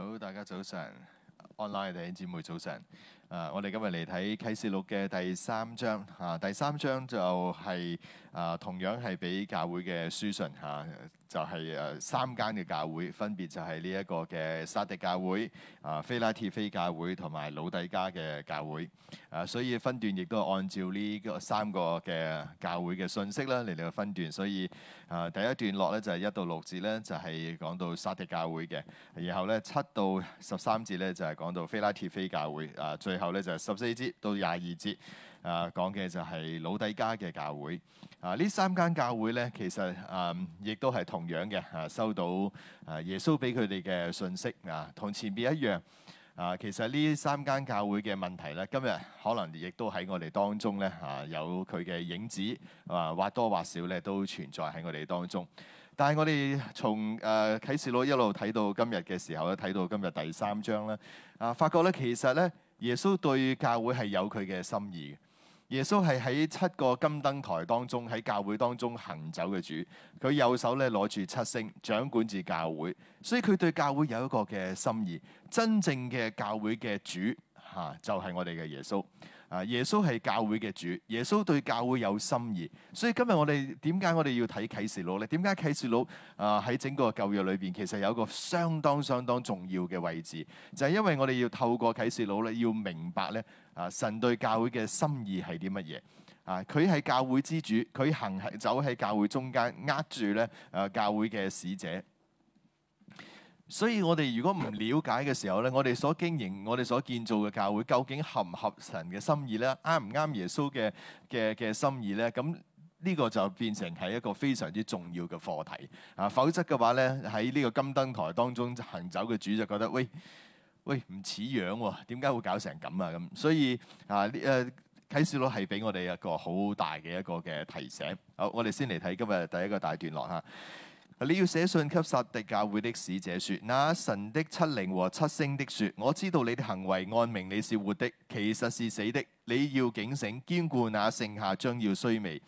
好，大家早晨，online 嘅兄弟姊妹早晨。啊！我哋今日嚟睇啟示錄嘅第三章，嚇、啊、第三章就係、是、啊，同樣係俾教會嘅書信嚇、啊，就係、是、誒、啊、三間嘅教會，分別就係呢一個嘅撒狄教會、啊，非拉鐵非教會同埋老底加嘅教會。啊，所以分段亦都按照呢三個嘅教會嘅信息啦嚟到分段。所以啊，第一段落咧就係、是、一到六節咧，就係、是、講到撒狄教會嘅；然後咧七到十三節咧就係、是、講到非拉鐵非教會。啊，最後咧就十四節到廿二節啊，講嘅就係老底嘉嘅教會啊。呢三間教會咧，其實啊、嗯，亦都係同樣嘅啊，收到啊耶穌俾佢哋嘅信息啊，同前面一樣啊。其實呢三間教會嘅問題咧，今日可能亦都喺我哋當中咧啊，有佢嘅影子啊，或多或少咧都存在喺我哋當中。但係我哋從誒、啊、啟示錄一路睇到今日嘅時候咧，睇到今日第三章啦啊，發覺咧其實咧。耶穌對教會係有佢嘅心意。耶穌係喺七個金燈台當中喺教會當中行走嘅主，佢右手咧攞住七星，掌管住教會，所以佢對教會有一個嘅心意。真正嘅教會嘅主，嚇就係我哋嘅耶穌。啊！耶穌係教會嘅主，耶穌對教會有心意，所以今日我哋點解我哋要睇啟示錄咧？點解啟示錄啊，喺整個舊約裏邊其實有個相當相當重要嘅位置，就係、是、因為我哋要透過啟示錄咧，要明白咧啊神對教會嘅心意係啲乜嘢啊？佢係教會之主，佢行喺走喺教會中間，握住咧啊教會嘅使者。所以我哋如果唔了解嘅時候咧，我哋所經營、我哋所建造嘅教會，究竟合唔合神嘅心意咧？啱唔啱耶穌嘅嘅嘅心意咧？咁呢個就變成係一個非常之重要嘅課題啊！否則嘅話咧，喺呢個金燈台當中行走嘅主就覺得：喂喂，唔似樣喎、哦，點解會搞成咁啊？咁所以啊，誒啟示錄係俾我哋一個好大嘅一個嘅提醒。好，我哋先嚟睇今日第一個大段落嚇。你要寫信給撒狄教會的使者說：那神的七靈和七星的說，我知道你的行為，按名你是活的，其實是死的。你要警醒，堅固那剩下將要衰微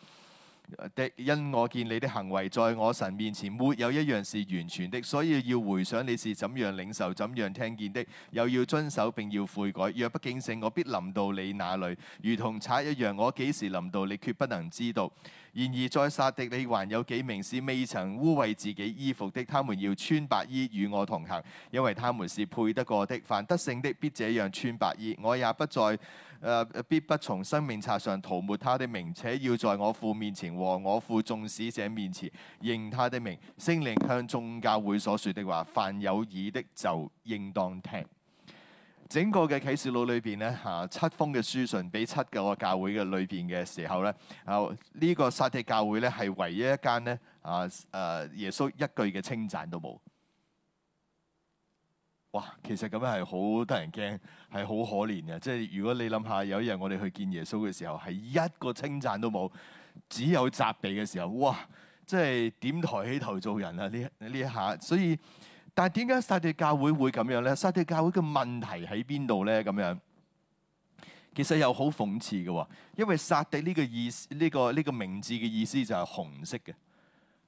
的。因我見你的行為在我神面前沒有一樣是完全的，所以要回想你是怎樣領受、怎樣聽見的，又要遵守並要悔改。若不警醒，我必臨到你那裏，如同賊一樣。我幾時臨到你，決不能知道。然而在撒狄你還有幾名是未曾污穢自己衣服的，他們要穿白衣與我同行，因為他們是配得過的。凡得勝的必這樣穿白衣。我也不再，誒、呃、必不從生命冊上塗抹他的名，且要在我父面前和我父眾使者面前認他的名。聖靈向眾教會所說的話，凡有耳的就應當聽。整個嘅啟示錄裏邊咧，嚇七封嘅書信俾七個教會嘅裏邊嘅時候咧，啊、這、呢個撒狄教會咧係唯一一間咧，啊誒耶穌一句嘅稱讚都冇。哇，其實咁樣係好得人驚，係好可憐嘅。即係如果你諗下有一日我哋去見耶穌嘅時候，係一個稱讚都冇，只有責備嘅時候，哇！即係點抬起頭做人啊？呢呢一下，所以。但係點解撒迪教會會咁樣咧？撒迪教會嘅問題喺邊度咧？咁樣其實又好諷刺嘅，因為撒迪呢個意呢、這個呢、這個名字嘅意思就係紅色嘅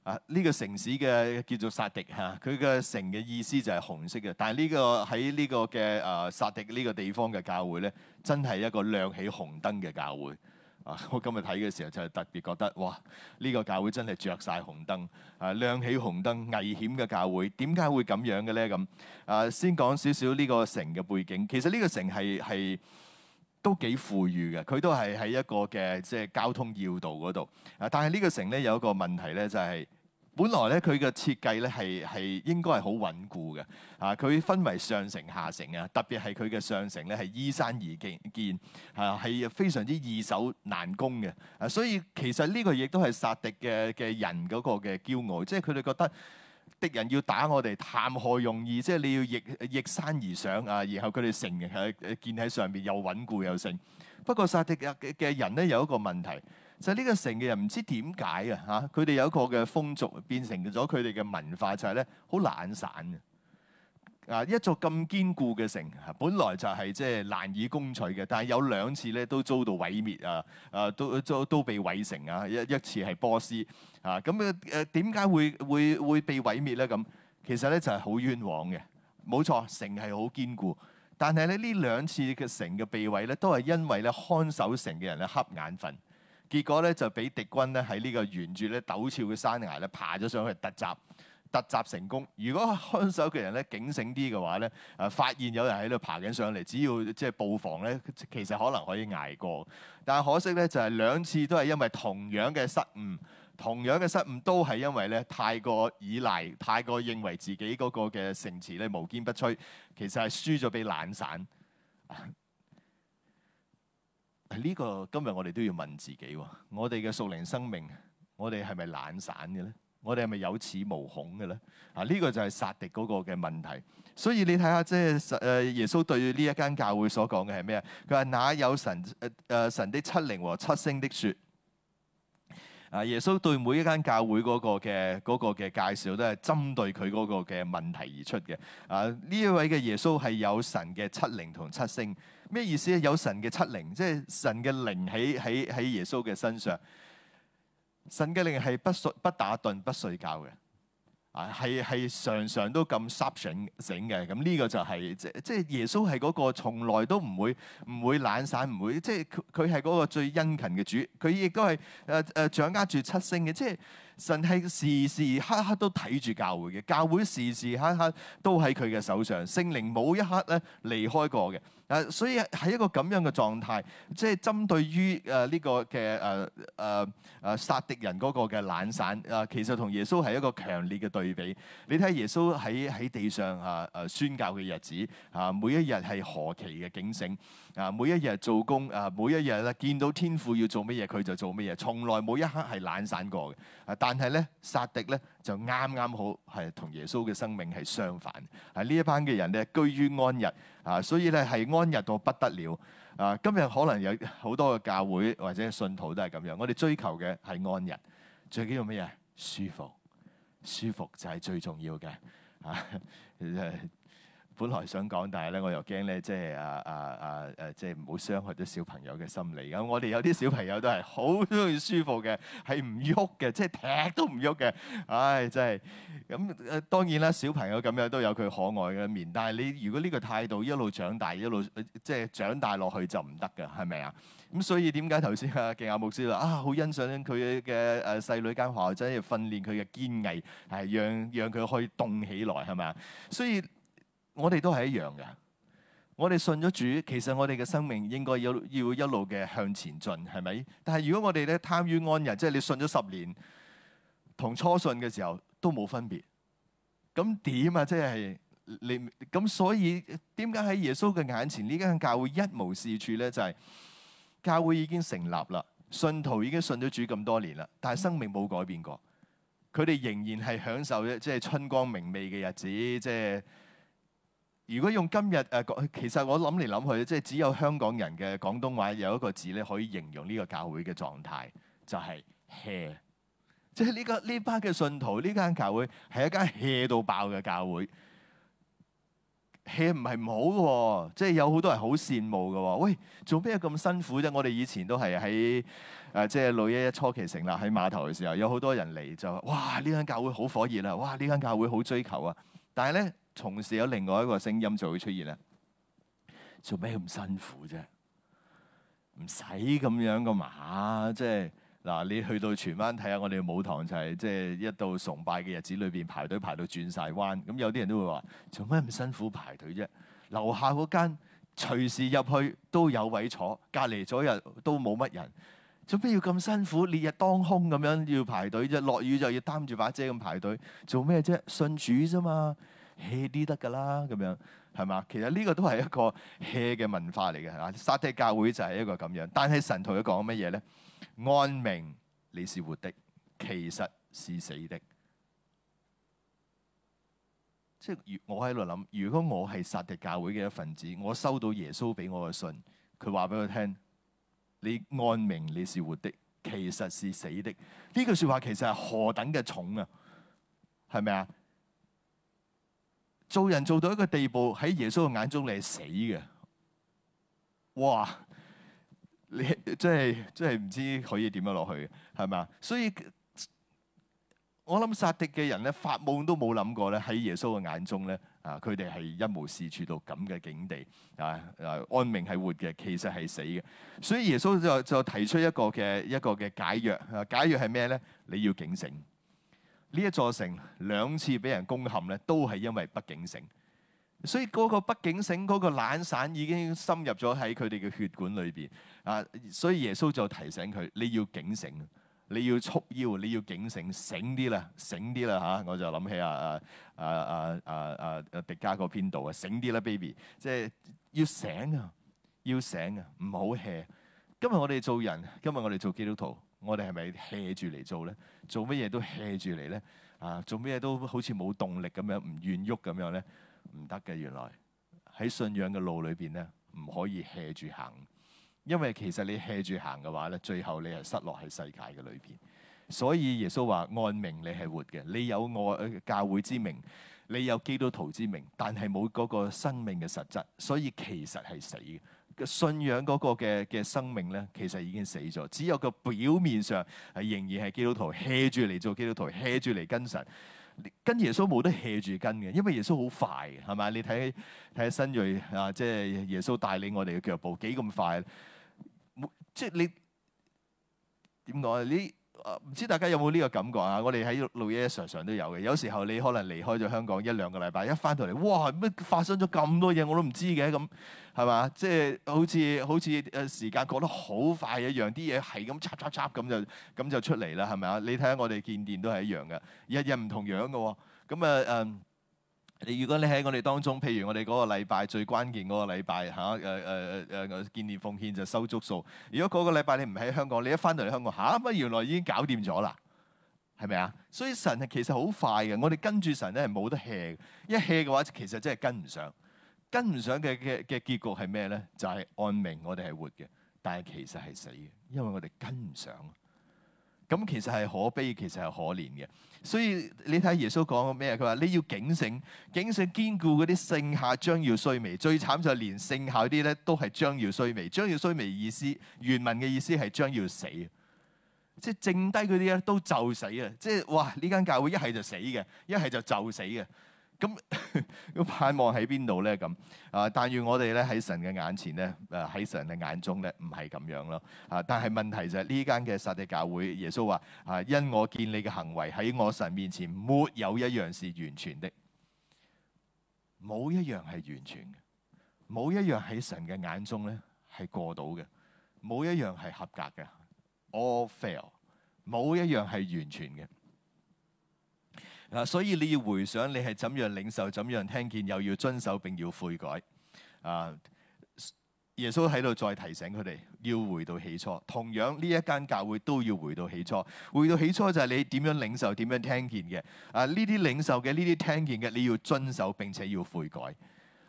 啊。呢、這個城市嘅叫做撒迪，吓、啊，佢嘅城嘅意思就係紅色嘅。但係呢、這個喺呢個嘅誒撒迪呢個地方嘅教會咧，真係一個亮起紅燈嘅教會。啊！我今日睇嘅時候就特別覺得，哇！呢個教會真係着晒紅燈，啊，亮起紅燈，危險嘅教會，點解會咁樣嘅咧？咁啊，先講少少呢個城嘅背景。其實呢個城係係都幾富裕嘅，佢都係喺一個嘅即係交通要道嗰度。啊，但係呢個城咧有一個問題咧，就係。本來咧佢嘅設計咧係係應該係好穩固嘅，啊佢分為上城下城啊，特別係佢嘅上城咧係依山而建建，啊係非常之易守難攻嘅，啊所以其實呢個亦都係撒狄嘅嘅人嗰個嘅驕傲，即係佢哋覺得敵人要打我哋，談何容易？即係你要逆逆山而上啊，然後佢哋城誒誒建喺上邊又穩固又勝。不過撒狄嘅嘅人咧有一個問題。就係呢個城嘅人唔知點解啊！嚇，佢哋有一個嘅風俗變成咗佢哋嘅文化，就係咧好懶散嘅啊。一座咁堅固嘅城，本來就係即係難以攻取嘅，但係有兩次咧都遭到毀滅啊，毀啊！啊，都都都被毀成啊！一一次係波斯啊，咁誒誒點解會會會被毀滅咧？咁其實咧就係、是、好冤枉嘅，冇錯，城係好堅固，但係咧呢兩次嘅城嘅被毀咧都係因為咧看守城嘅人咧瞌眼瞓。結果咧就俾敵軍咧喺呢個沿住咧陡峭嘅山崖咧爬咗上去突襲，突襲成功。如果看守嘅人咧警醒啲嘅話咧，誒、呃、發現有人喺度爬緊上嚟，只要即係布防咧，其實可能可以捱過。但係可惜咧，就係、是、兩次都係因為同樣嘅失誤，同樣嘅失誤都係因為咧太過依賴，太過認為自己嗰個嘅城池咧無堅不摧，其實係輸咗俾懶散。呢、這個今日我哋都要問自己，我哋嘅屬靈生命，我哋係咪懶散嘅咧？我哋係咪有恃無恐嘅咧？啊，呢、這個就係撒狄嗰個嘅問題。所以你睇下，即係誒耶穌對呢一間教會所講嘅係咩啊？佢話那有神誒誒、呃、神的七靈和七星的說。啊！耶穌對每一間教會嗰個嘅嗰個嘅介紹都係針對佢嗰個嘅問題而出嘅。啊！呢一位嘅耶穌係有神嘅七靈同七星，咩意思咧？有神嘅七靈，即係神嘅靈喺喺喺耶穌嘅身上，神嘅靈係不睡不打盹不睡覺嘅。啊，係係常常都咁 sharp 醒醒嘅，咁、嗯、呢、這個就係、是、即即耶穌係嗰個從來都唔會唔會懶散，唔會即佢佢係嗰個最殷勤嘅主，佢亦都係誒誒掌握住七星嘅，即神係時時刻刻都睇住教會嘅，教會時時刻刻都喺佢嘅手上，聖靈冇一刻咧離開過嘅。誒，所以喺一個咁樣嘅狀態，即係針對於誒呢個嘅誒誒誒殺敵人嗰個嘅懶散，誒、啊、其實同耶穌係一個強烈嘅對比。你睇耶穌喺喺地上啊誒宣教嘅日子啊，每一日係何其嘅警醒。啊，每一日做工，啊，每一日咧見到天父要做乜嘢，佢就做乜嘢，從來冇一刻係懶散過嘅。啊，但係咧，撒狄咧就啱啱好係同耶穌嘅生命係相反嘅。啊，呢一班嘅人咧居於安逸，啊，所以咧係安逸到不得了。啊，今日可能有好多嘅教會或者信徒都係咁樣，我哋追求嘅係安逸，最緊要咩嘢？舒服，舒服就係最重要嘅。啊， 本來想講，但係咧我又驚咧，即係啊啊啊誒，即係唔好傷害啲小朋友嘅心理。咁我哋有啲小朋友都係好鍾意舒服嘅，係唔喐嘅，即係踢都唔喐嘅。唉，真係咁誒。當然啦，小朋友咁樣都有佢可愛嘅面，但係你如果呢個態度一路長大，一路即係長大落去就唔得㗎，係咪、嗯、啊？咁所以點解頭先阿敬阿牧師話啊，好欣賞佢嘅誒細女間學校真係訓練佢嘅堅毅，係、啊、讓讓佢可以動起來係咪啊？所以。我哋都係一樣嘅。我哋信咗主，其實我哋嘅生命應該要要一路嘅向前進，係咪？但係如果我哋咧貪於安逸，即係你信咗十年，同初信嘅時候都冇分別，咁點啊？即係你咁，所以點解喺耶穌嘅眼前呢間教會一無是處咧？就係教會已經成立啦，信徒已經信咗主咁多年啦，但係生命冇改變過，佢哋仍然係享受即係春光明媚嘅日子，即係。如果用今日誒，其實我諗嚟諗去，即係只有香港人嘅廣東話有一個字咧，可以形容呢個教會嘅狀態，就係 hea。即係呢個呢班嘅信徒，呢間教會係一間 hea 到爆嘅教會。hea 唔係唔好喎，即係有好多人好羨慕㗎喎。喂，做咩咁辛苦啫？我哋以前都係喺誒，即係六一一初期成立喺碼頭嘅時候，有好多人嚟就話：哇！呢間教會好火熱呀！哇！呢間教會好追求啊！但係咧。同時有另外一個聲音就會出現啦。做咩咁辛苦啫？唔使咁樣個嘛、啊。即係嗱，你去到荃灣睇下，我哋舞堂就係即係一到崇拜嘅日子裏邊排隊排到轉晒彎。咁、嗯、有啲人都會話：做咩咁辛苦排隊啫？樓下嗰間隨時入去都有位坐，隔離咗日都冇乜人，做咩要咁辛苦烈日當空咁樣要排隊啫？落雨就要擔住把遮咁排隊，做咩啫？信主啫嘛～hea 啲得噶啦，咁 樣係嘛？其實呢個都係一個 hea 嘅文化嚟嘅，吓。撒狄教會就係一個咁樣，但係神同佢講乜嘢咧？按名你是活的，其實是死的。即係我喺度諗，如果我係撒狄教會嘅一份子，我收到耶穌俾我嘅信，佢話俾我聽，你按名你是活的，其實是死的。呢句說話其實係何等嘅重啊？係咪啊？做人做到一個地步，喺耶穌嘅眼中你係死嘅。哇！你即係即係唔知可以點樣落去，係咪？所以我諗撒狄嘅人咧，發夢都冇諗過咧。喺耶穌嘅眼中咧，啊，佢哋係一無是處到咁嘅境地啊！啊，按名係活嘅，其實係死嘅。所以耶穌就就提出一個嘅一個嘅解藥啊！解藥係咩咧？你要警醒。呢一座城兩次俾人攻陷咧，都係因為不警醒，所以嗰個不警醒嗰個懶散已經深入咗喺佢哋嘅血管裏邊啊！所以耶穌就提醒佢：你要警醒，你要束腰，你要警醒，醒啲啦，醒啲啦嚇！我就諗起啊啊啊啊啊啊迪迦個編導啊，醒啲啦，baby，即係要醒啊，要醒啊，唔好 hea！今日我哋做人，今日我哋做基督徒。我哋係咪 hea 住嚟做咧？做乜嘢都 hea 住嚟咧？啊，做乜嘢都好似冇動力咁樣，唔願喐咁樣咧？唔得嘅，原來喺信仰嘅路裏邊咧，唔可以 hea 住行，因為其實你 hea 住行嘅話咧，最後你係失落喺世界嘅裏邊。所以耶穌話：按名你係活嘅，你有愛教會之名，你有基督徒之名，但係冇嗰個生命嘅實質，所以其實係死嘅。嘅信仰嗰個嘅嘅生命咧，其實已經死咗。只有個表面上係仍然係基督徒，hea 住嚟做基督徒，hea 住嚟跟神。跟耶穌冇得 hea 住跟嘅，因為耶穌好快，係咪？你睇睇新睿啊，即係耶穌帶領我哋嘅腳步幾咁快。即係你點講啊？呢唔知大家有冇呢個感覺啊？我哋喺路耶常常都有嘅。有時候你可能離開咗香港一兩個禮拜，一翻到嚟，哇！乜發生咗咁多嘢我都唔知嘅咁。係嘛？即係、就是、好似好似誒時間過得好快一樣，啲嘢係咁插插插咁就咁就出嚟啦，係咪啊？你睇下我哋建殿都係一樣嘅，日日唔同樣嘅喎。咁誒誒，如果你喺我哋當中，譬如我哋嗰個禮拜最關鍵嗰個禮拜嚇，誒誒誒誒建殿奉獻就收足數。如果嗰個禮拜你唔喺香港，你一返到嚟香港嚇，乜、啊、原來已經搞掂咗啦，係咪啊？所以神係其實好快嘅，我哋跟住神咧係冇得 hea，一 hea 嘅話其實真係跟唔上。跟唔上嘅嘅嘅結局係咩咧？就係、是、按名我哋係活嘅，但係其實係死嘅，因為我哋跟唔上。咁其實係可悲，其實係可憐嘅。所以你睇耶穌講咩？佢話你要警醒，警醒堅固嗰啲剩下將要衰微。最慘就係連剩下啲咧都係將要衰微。將要衰微意思原文嘅意思係將要死。即係剩低嗰啲咧都就死啊！即係哇！呢間教會一係就死嘅，一係就就死嘅。咁 盼望喺邊度咧？咁、呃、啊，但願我哋咧喺神嘅眼前咧，誒、呃、喺神嘅眼中咧，唔係咁樣咯。啊，但係問題就係、是、呢間嘅撒狄教會，耶穌話：啊，因我見你嘅行為喺我神面前，沒有一樣是完全的，冇一樣係完全嘅，冇一樣喺神嘅眼中咧係過到嘅，冇一樣係合格嘅，all fail，冇一樣係完全嘅。啊！所以你要回想你係怎樣領受、怎樣聽見，又要遵守並要悔改。啊！耶穌喺度再提醒佢哋要回到起初。同樣呢一間教會都要回到起初。回到起初就係你點樣領受、點樣聽見嘅。啊！呢啲領受嘅、呢啲聽見嘅，你要遵守並且要悔改。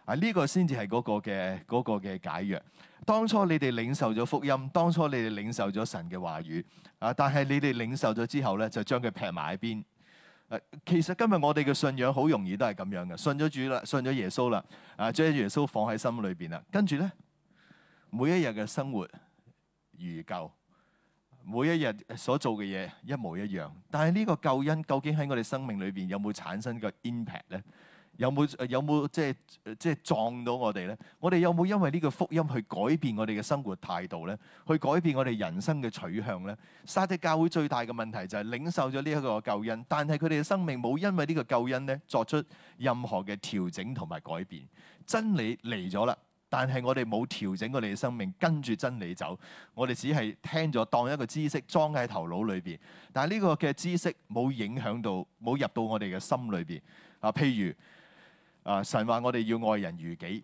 啊！呢、這個先至係嗰個嘅嗰個嘅解藥。當初你哋領受咗福音，當初你哋領受咗神嘅話語。啊！但係你哋領受咗之後咧，就將佢劈埋喺邊。誒，其實今日我哋嘅信仰好容易都係咁樣嘅，信咗主啦，信咗耶穌啦，啊，將耶穌放喺心裏邊啦，跟住咧，每一日嘅生活如舊，每一日所做嘅嘢一模一樣，但係呢個救恩究竟喺我哋生命裏邊有冇產生個 impact 咧？有冇有冇、呃呃、即係即係撞到我哋咧？我哋有冇因為呢個福音去改變我哋嘅生活態度咧？去改變我哋人生嘅取向咧？撒狄教會最大嘅問題就係領受咗呢一個救恩，但係佢哋嘅生命冇因為呢個救恩咧作出任何嘅調整同埋改變。真理嚟咗啦，但係我哋冇調整我哋嘅生命，跟住真理走。我哋只係聽咗當一個知識裝喺頭腦裏邊，但係呢個嘅知識冇影響到，冇入到我哋嘅心裏邊啊。譬如。啊！神話我哋要愛人如己，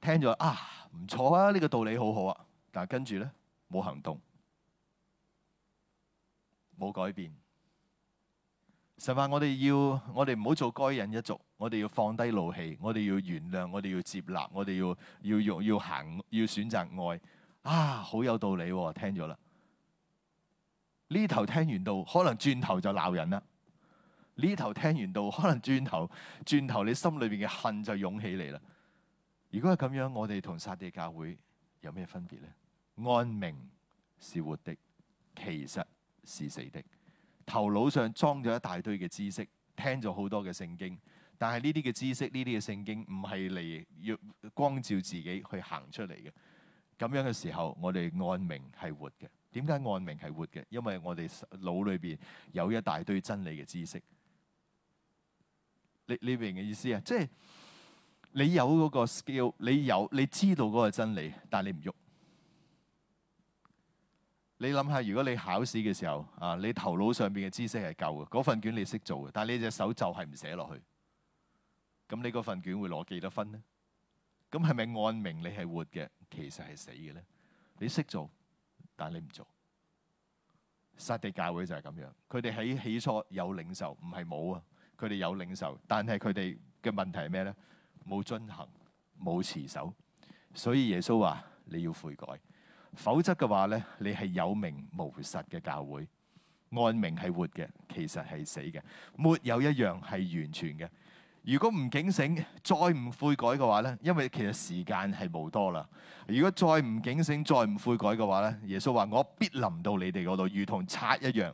聽咗啊，唔錯啊！呢個道理好好啊。但跟住咧，冇行動，冇改變。神話我哋要，我哋唔好做該隱一族。我哋要放低怒氣，我哋要原諒，我哋要接納，我哋要要要要行，要選擇愛。啊，好有道理喎、啊！聽咗啦，呢頭聽完到，可能轉頭就鬧人啦。呢頭聽完到，可能轉頭轉頭，你心裏邊嘅恨就湧起嚟啦。如果係咁樣，我哋同撒但教會有咩分別呢？按名是活的，其實是死的。頭腦上裝咗一大堆嘅知識，聽咗好多嘅聖經，但係呢啲嘅知識、呢啲嘅聖經唔係嚟要光照自己去行出嚟嘅。咁樣嘅時候，我哋按名係活嘅。點解按名係活嘅？因為我哋腦裏邊有一大堆真理嘅知識。你你明嘅意思啊？即係你有嗰個 skill，你有你知道嗰個真理，但係你唔喐。你諗下，如果你考試嘅時候啊，你頭腦上邊嘅知識係夠嘅，嗰份卷你識做嘅，但係你隻手就係唔寫落去。咁你嗰份卷會攞幾多分呢？咁係咪按名你係活嘅，其實係死嘅呢？你識做，但係你唔做。撒狄教會就係咁樣，佢哋喺起初有領袖，唔係冇啊。佢哋有領受，但係佢哋嘅問題係咩呢？冇遵行，冇持守，所以耶穌話：你要悔改，否則嘅話呢，你係有名無實嘅教會，按名係活嘅，其實係死嘅，沒有一樣係完全嘅。如果唔警醒，再唔悔改嘅話呢，因為其實時間係冇多啦。如果再唔警醒，再唔悔改嘅話呢，耶穌話：我必臨到你哋嗰度，如同賊一樣。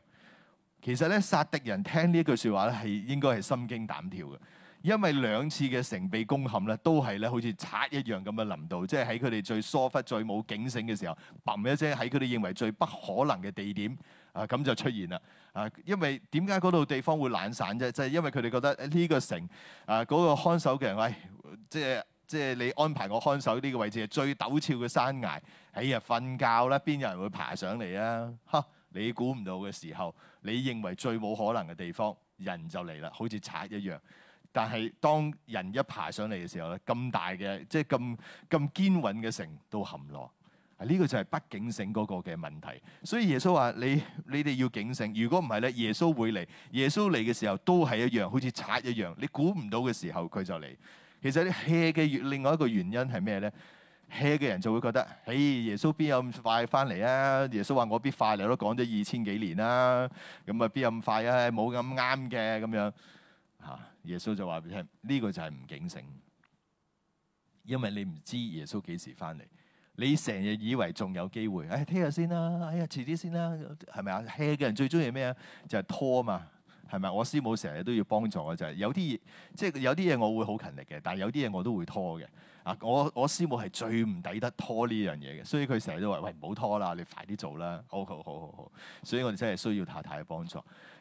其實咧，殺敵人聽呢一句説話咧，係應該係心驚膽跳嘅，因為兩次嘅城被攻陷咧，都係咧好似賊一樣咁嘅臨到，即係喺佢哋最疏忽、最冇警醒嘅時候，砰一聲喺佢哋認為最不可能嘅地點啊，咁就出現啦啊！因為點解嗰度地方會懶散啫？即係因為佢哋覺得呢個城啊，嗰個看守嘅人，喂，即係即係你安排我看守呢個位置係最陡峭嘅山崖，哎呀，瞓覺啦，邊有人會爬上嚟啊？嚇！你估唔到嘅時候，你認為最冇可能嘅地方，人就嚟啦，好似賊一樣。但係當人一爬上嚟嘅時候咧，咁大嘅即係咁咁堅韌嘅城都陷落。啊，呢個就係不警醒嗰個嘅問題。所以耶穌話：你你哋要警醒。如果唔係咧，耶穌會嚟。耶穌嚟嘅時候都係一樣，好似賊一樣。你估唔到嘅時候，佢就嚟。其實你 hea 嘅另外一個原因係咩咧？hea 嘅人就會覺得，誒耶穌邊有咁快翻嚟啊？耶穌話我必快嚟都講咗二千幾年啦，啊，咁啊邊有咁快啊？冇咁啱嘅咁樣嚇，啊。耶穌就話俾你聽：呢、這個就係唔警醒，因為你唔知耶穌幾時翻嚟，你成日以為仲有機會，哎聽日先啦，啊，哎呀遲啲先啦，啊，係咪啊？hea 嘅人最中意咩啊？就係、是、拖嘛，係咪？我師母成日都要幫助我，就係、是、有啲，嘢，即係有啲嘢我會好勤力嘅，但係有啲嘢我都會拖嘅。啊！我我師母係最唔抵得拖呢樣嘢嘅，所以佢成日都話：喂，唔好拖啦，你快啲做啦！好，好，好，好，好。所以我哋真係需要太太嘅幫助。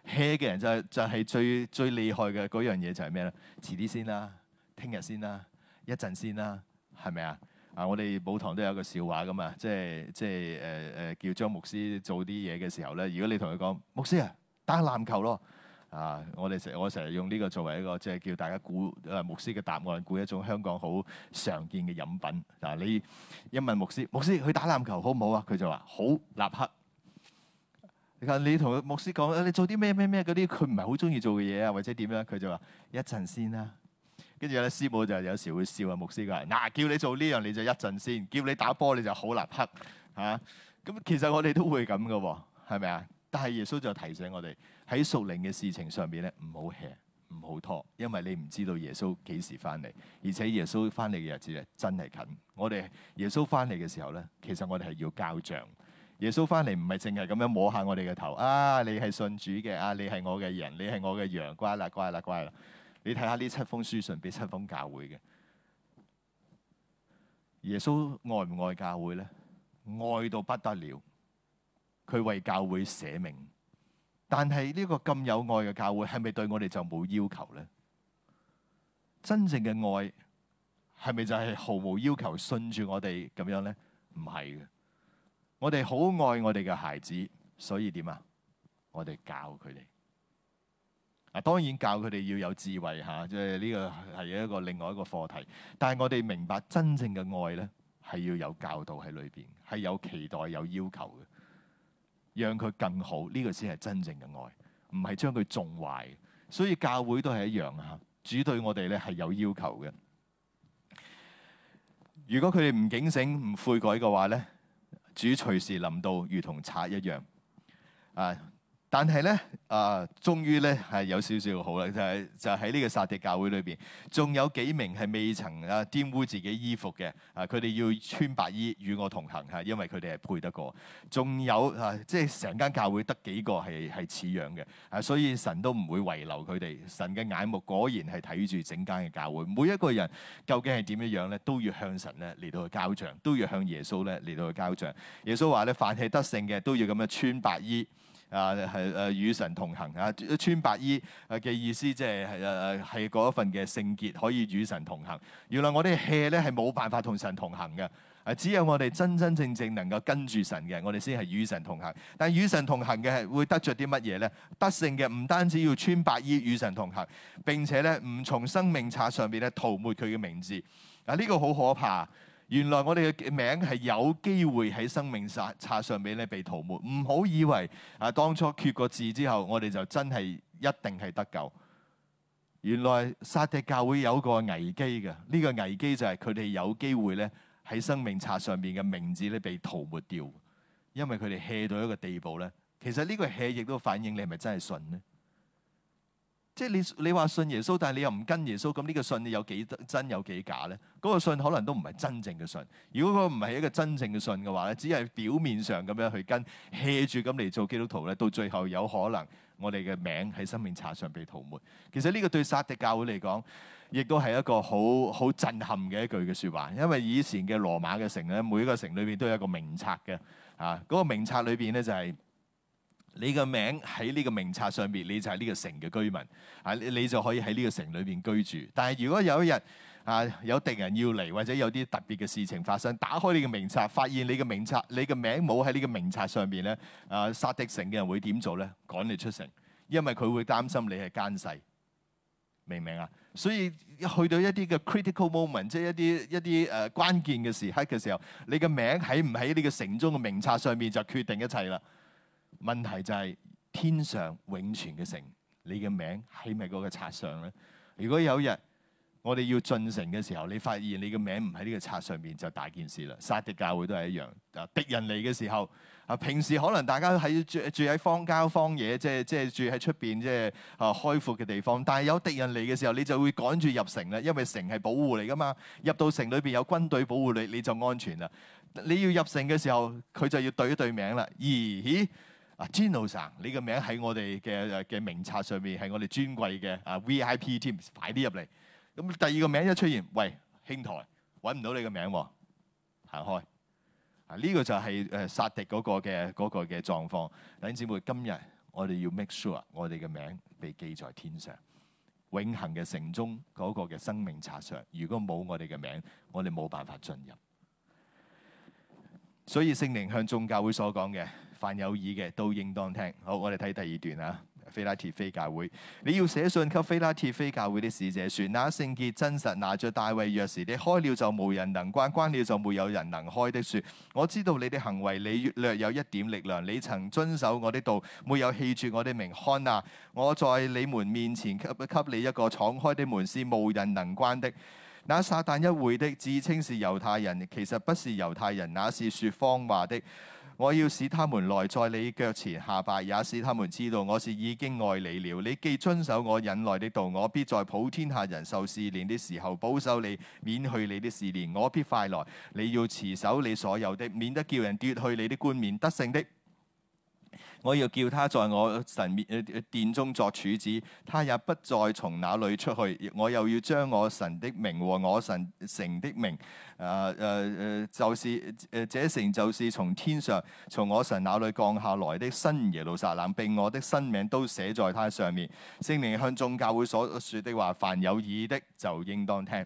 hea 嘅人就係就係、是、最最厲害嘅嗰樣嘢就係咩咧？遲啲先啦，聽日先啦，一陣先啦，係咪啊？啊！我哋舞堂都有個笑話㗎嘛，即係即係誒誒叫張牧師做啲嘢嘅時候咧，如果你同佢講牧師啊，打下籃球咯。啊！我哋成我成日用呢個作為一個即係叫大家估誒、呃、牧師嘅答案，估一種香港好常見嘅飲品嗱、啊。你一問牧師，牧師去打籃球好唔好啊？佢就話好立刻。你同牧師講、啊、你做啲咩咩咩嗰啲佢唔係好中意做嘅嘢啊，或者點樣？佢就話一陣先啦。跟住咧，師母就有時會笑啊。牧師就話嗱，叫你做呢樣你就一陣先，叫你打波你就好立刻嚇。咁、啊、其實我哋都會咁㗎喎，係咪啊？但係耶穌就提醒我哋。喺屬靈嘅事情上面咧，唔好 hea，唔好拖，因為你唔知道耶穌幾時翻嚟，而且耶穌翻嚟嘅日子咧，真係近。我哋耶穌翻嚟嘅時候咧，其實我哋係要交帳。耶穌翻嚟唔係淨係咁樣摸下我哋嘅頭，啊你係信主嘅，啊你係我嘅人，你係我嘅羊，乖啦乖啦乖啦。你睇下呢七封書信俾七封教會嘅。耶穌愛唔愛教會咧？愛到不得了，佢為教會捨命。但係呢個咁有愛嘅教會，係咪對我哋就冇要求呢？真正嘅愛係咪就係毫無要求，順住我哋咁樣呢？唔係嘅，我哋好愛我哋嘅孩子，所以點啊？我哋教佢哋啊，當然教佢哋要有智慧嚇，即係呢個係一個另外一個課題。但係我哋明白真正嘅愛呢，係要有教導喺裏邊，係有期待、有要求嘅。讓佢更好，呢、這個先係真正嘅愛，唔係將佢縱壞。所以教會都係一樣啊！主對我哋咧係有要求嘅。如果佢哋唔警醒、唔悔改嘅話咧，主隨時臨到，如同賊一樣。啊！但係咧、呃、啊，終於咧係有少少好啦，就係、是、就喺、是、呢個撒迪教會裏邊，仲有幾名係未曾啊玷污自己衣服嘅啊，佢哋要穿白衣與我同行嚇、啊，因為佢哋係配得過。仲有啊，即係成間教會得幾個係係似樣嘅啊，所以神都唔會遺留佢哋。神嘅眼目果然係睇住整間嘅教會，每一個人究竟係點樣樣咧，都要向神咧嚟到去交帳，都要向耶穌咧嚟到去交帳。耶穌話咧，凡係得勝嘅都要咁樣穿白衣。啊，係誒與神同行啊，穿白衣嘅意思即係誒誒係嗰一份嘅聖潔，可以與神同行。原來我哋邪咧係冇辦法同神同行嘅，啊只有我哋真真正正能夠跟住神嘅，我哋先係與神同行。但與神同行嘅係會得着啲乜嘢咧？得勝嘅唔單止要穿白衣與神同行，並且咧唔從生命冊上邊咧塗抹佢嘅名字。啊、這、呢個好可怕。原來我哋嘅名係有機會喺生命冊冊上邊咧被塗抹，唔好以為啊當初決志之後，我哋就真係一定係得救。原來撒狄教會有個危機嘅，呢個危機就係佢哋有機會咧喺生命冊上邊嘅名字咧被塗抹掉，因為佢哋 hea 到一個地步咧。其實呢個 hea 亦都反映你係咪真係信咧？即係你你話信耶穌，但係你又唔跟耶穌，咁呢個信有幾真有幾假咧？嗰個信可能都唔係真正嘅信。如果個唔係一個真正嘅信嘅話咧，只係表面上咁樣去跟 hea 住咁嚟做基督徒咧，到最後有可能我哋嘅名喺生命冊上被塗抹。其實呢個對撒狄教會嚟講，亦都係一個好好震撼嘅一句嘅説話，因為以前嘅羅馬嘅城咧，每一個城裏邊都有一個名冊嘅，啊嗰個名冊裏邊咧就係。你個名喺呢個名冊上邊，你就係呢個城嘅居民啊！你就可以喺呢個城裏邊居住。但係如果有一日啊有敵人要嚟，或者有啲特別嘅事情發生，打開你嘅名冊，發現你嘅名冊你嘅名冇喺呢個名冊上邊咧，啊撒狄城嘅人會點做咧？趕你出城，因為佢會擔心你係奸細，明唔明啊？所以去到一啲嘅 critical moment，即係一啲一啲誒關鍵嘅時刻嘅時候，你嘅名喺唔喺呢個城中嘅名冊上面，就決定一切啦。問題就係、是、天上永存嘅城，你嘅名係咪嗰個冊上咧？如果有日我哋要進城嘅時候，你發現你嘅名唔喺呢個冊上面，就大件事啦。撒狄教會都係一樣，敵人嚟嘅時候啊，平時可能大家都喺住住喺荒郊荒野，即係即係住喺出邊，即係啊開闊嘅地方。但係有敵人嚟嘅時候，你就會趕住入城啦，因為城係保護嚟噶嘛。入到城裏邊有軍隊保護你，你就安全啦。你要入城嘅時候，佢就要對一對名啦。咦？啊，Gino 先生，你個名喺我哋嘅嘅名冊上面，係我哋尊貴嘅啊 VIP team，快啲入嚟。咁第二個名一出現，喂，兄台，搵唔到你個名喎，行開。啊，呢、這個就係誒撒狄嗰個嘅嗰、那個嘅狀況。兄弟兄姊妹，今日我哋要 make sure 我哋嘅名被記在天上，永恆嘅城中嗰個嘅生命冊上。如果冇我哋嘅名，我哋冇辦法進入。所以聖靈向眾教會所講嘅。凡有意嘅都應當聽。好，我哋睇第二段啊。非拉鐵非教會，你要寫信給非拉鐵非教會的使者説：那聖潔真實，拿著大衛鑰匙，你開了就無人能關，關了就沒有人能開的説。我知道你的行為，你略有一點力量，你曾遵守我的道，沒有棄絕我的名。看啊，我在你們面前給給你一個敞開的門，是無人能關的。那撒旦一會的，自稱是猶太人，其實不是猶太人，那是説謊話的。我要使他們來在你腳前下拜，也使他們知道我是已經愛你了。你既遵守我忍耐的道，我必在普天下人受試煉的時候保守你，免去你的試煉。我必快來。你要持守你所有的，免得叫人奪去你的冠冕。得勝的。我要叫他在我神殿中作柱子，他也不再從那裏出去。我又要將我神的名和我神城的名，啊誒誒，就是誒、呃、這城就是從天上從我神那裏降下來的新耶路撒冷，並我的新名都寫在他上面。聖靈向眾教會所說的話，凡有耳的就應當聽。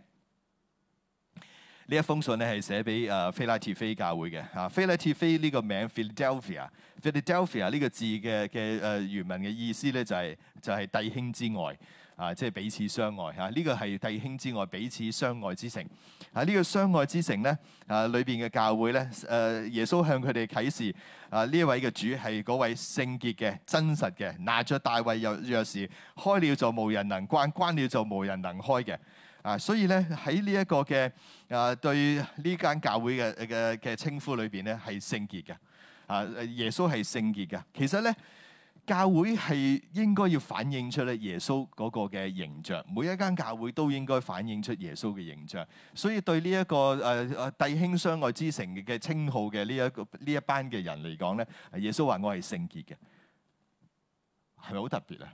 呢一封信呢，係寫俾誒非拉鐵非教會嘅吓，非拉鐵非呢個名 Philadelphia。Philadelphia 呢個字嘅嘅誒原文嘅意思咧就係、是、就係、是、弟兄之外啊，即係彼此相愛嚇。呢、啊這個係弟兄之外彼此相愛之城。喺、啊、呢、這個相愛之城咧啊，裏邊嘅教會咧誒、呃，耶穌向佢哋啟示啊，呢一位嘅主係嗰位聖潔嘅、真實嘅，拿着大衛又若是開了就無人能關，關了就無人能開嘅啊。所以咧喺呢一個嘅啊對呢間教會嘅嘅嘅稱呼裏邊咧係聖潔嘅。啊啊！耶穌係聖潔嘅，其實咧教會係應該要反映出咧耶穌嗰個嘅形象，每一間教會都應該反映出耶穌嘅形象。所以對呢、這、一個誒誒、呃、弟兄相愛之城嘅稱號嘅呢一個呢一班嘅人嚟講咧，耶穌話我係聖潔嘅，係咪好特別啊？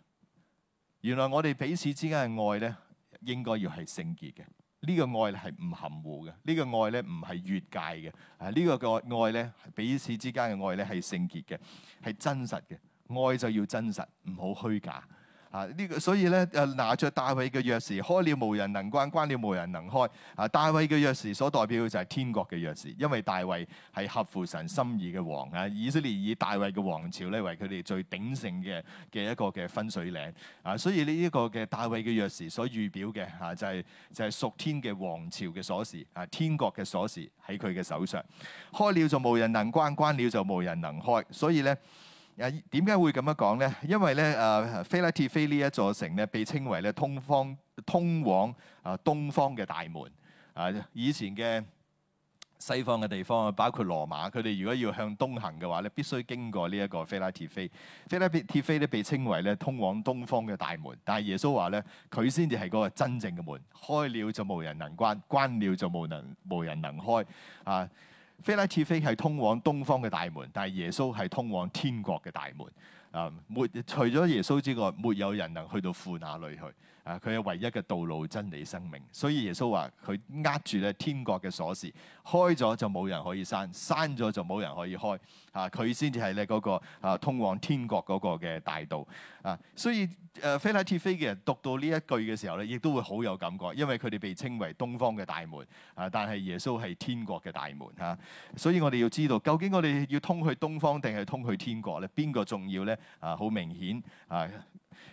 原來我哋彼此之間嘅愛咧，應該要係聖潔嘅。呢個愛咧係唔含糊嘅，呢、這個愛咧唔係越界嘅，啊、這、呢個嘅愛咧彼此之間嘅愛咧係聖潔嘅，係真實嘅，愛就要真實，唔好虛假。啊！呢、這個所以咧，誒拿著大衛嘅鑰匙，開了無人能關，關了無人能開。啊！大衛嘅鑰匙所代表嘅就係天國嘅鑰匙，因為大衛係合乎神心意嘅王啊！以色列以大衛嘅王朝咧為佢哋最鼎盛嘅嘅一個嘅分水嶺啊！所以呢一個嘅大衛嘅鑰匙所預表嘅啊，就係、是、就係、是、屬天嘅王朝嘅鎖匙啊，天國嘅鎖匙喺佢嘅手上。開了就無人能關，關了就無人能開。所以咧。誒點解會咁樣講咧？因為咧誒非拉鐵非呢一座城咧，被稱為咧通方通往啊東方嘅大門。啊，以前嘅西方嘅地方啊，包括羅馬，佢哋如果要向東行嘅話咧，必須經過呢一個非拉鐵非。非拉鐵非咧，被稱為咧通往東方嘅大門。但係耶穌話咧，佢先至係嗰個真正嘅門，開了就無人能關，關了就無能無人能開。啊！非拉鐵非係通往東方嘅大門，但係耶穌係通往天國嘅大門。啊、嗯，沒除咗耶穌之外，沒有人能去到父那裏去。啊！佢係唯一嘅道路真理生命，所以耶穌話：佢握住咧天國嘅鎖匙，開咗就冇人可以閂，閂咗就冇人可以開。啊！佢先至係咧嗰個啊通往天國嗰個嘅大道。啊！所以誒飛、啊、拉鐵飛嘅人讀到呢一句嘅時候咧，亦都會好有感覺，因為佢哋被稱為東方嘅大門。啊！但係耶穌係天國嘅大門嚇、啊，所以我哋要知道究竟我哋要通去東方定係通去天國咧？邊個重要咧？啊！好明顯啊！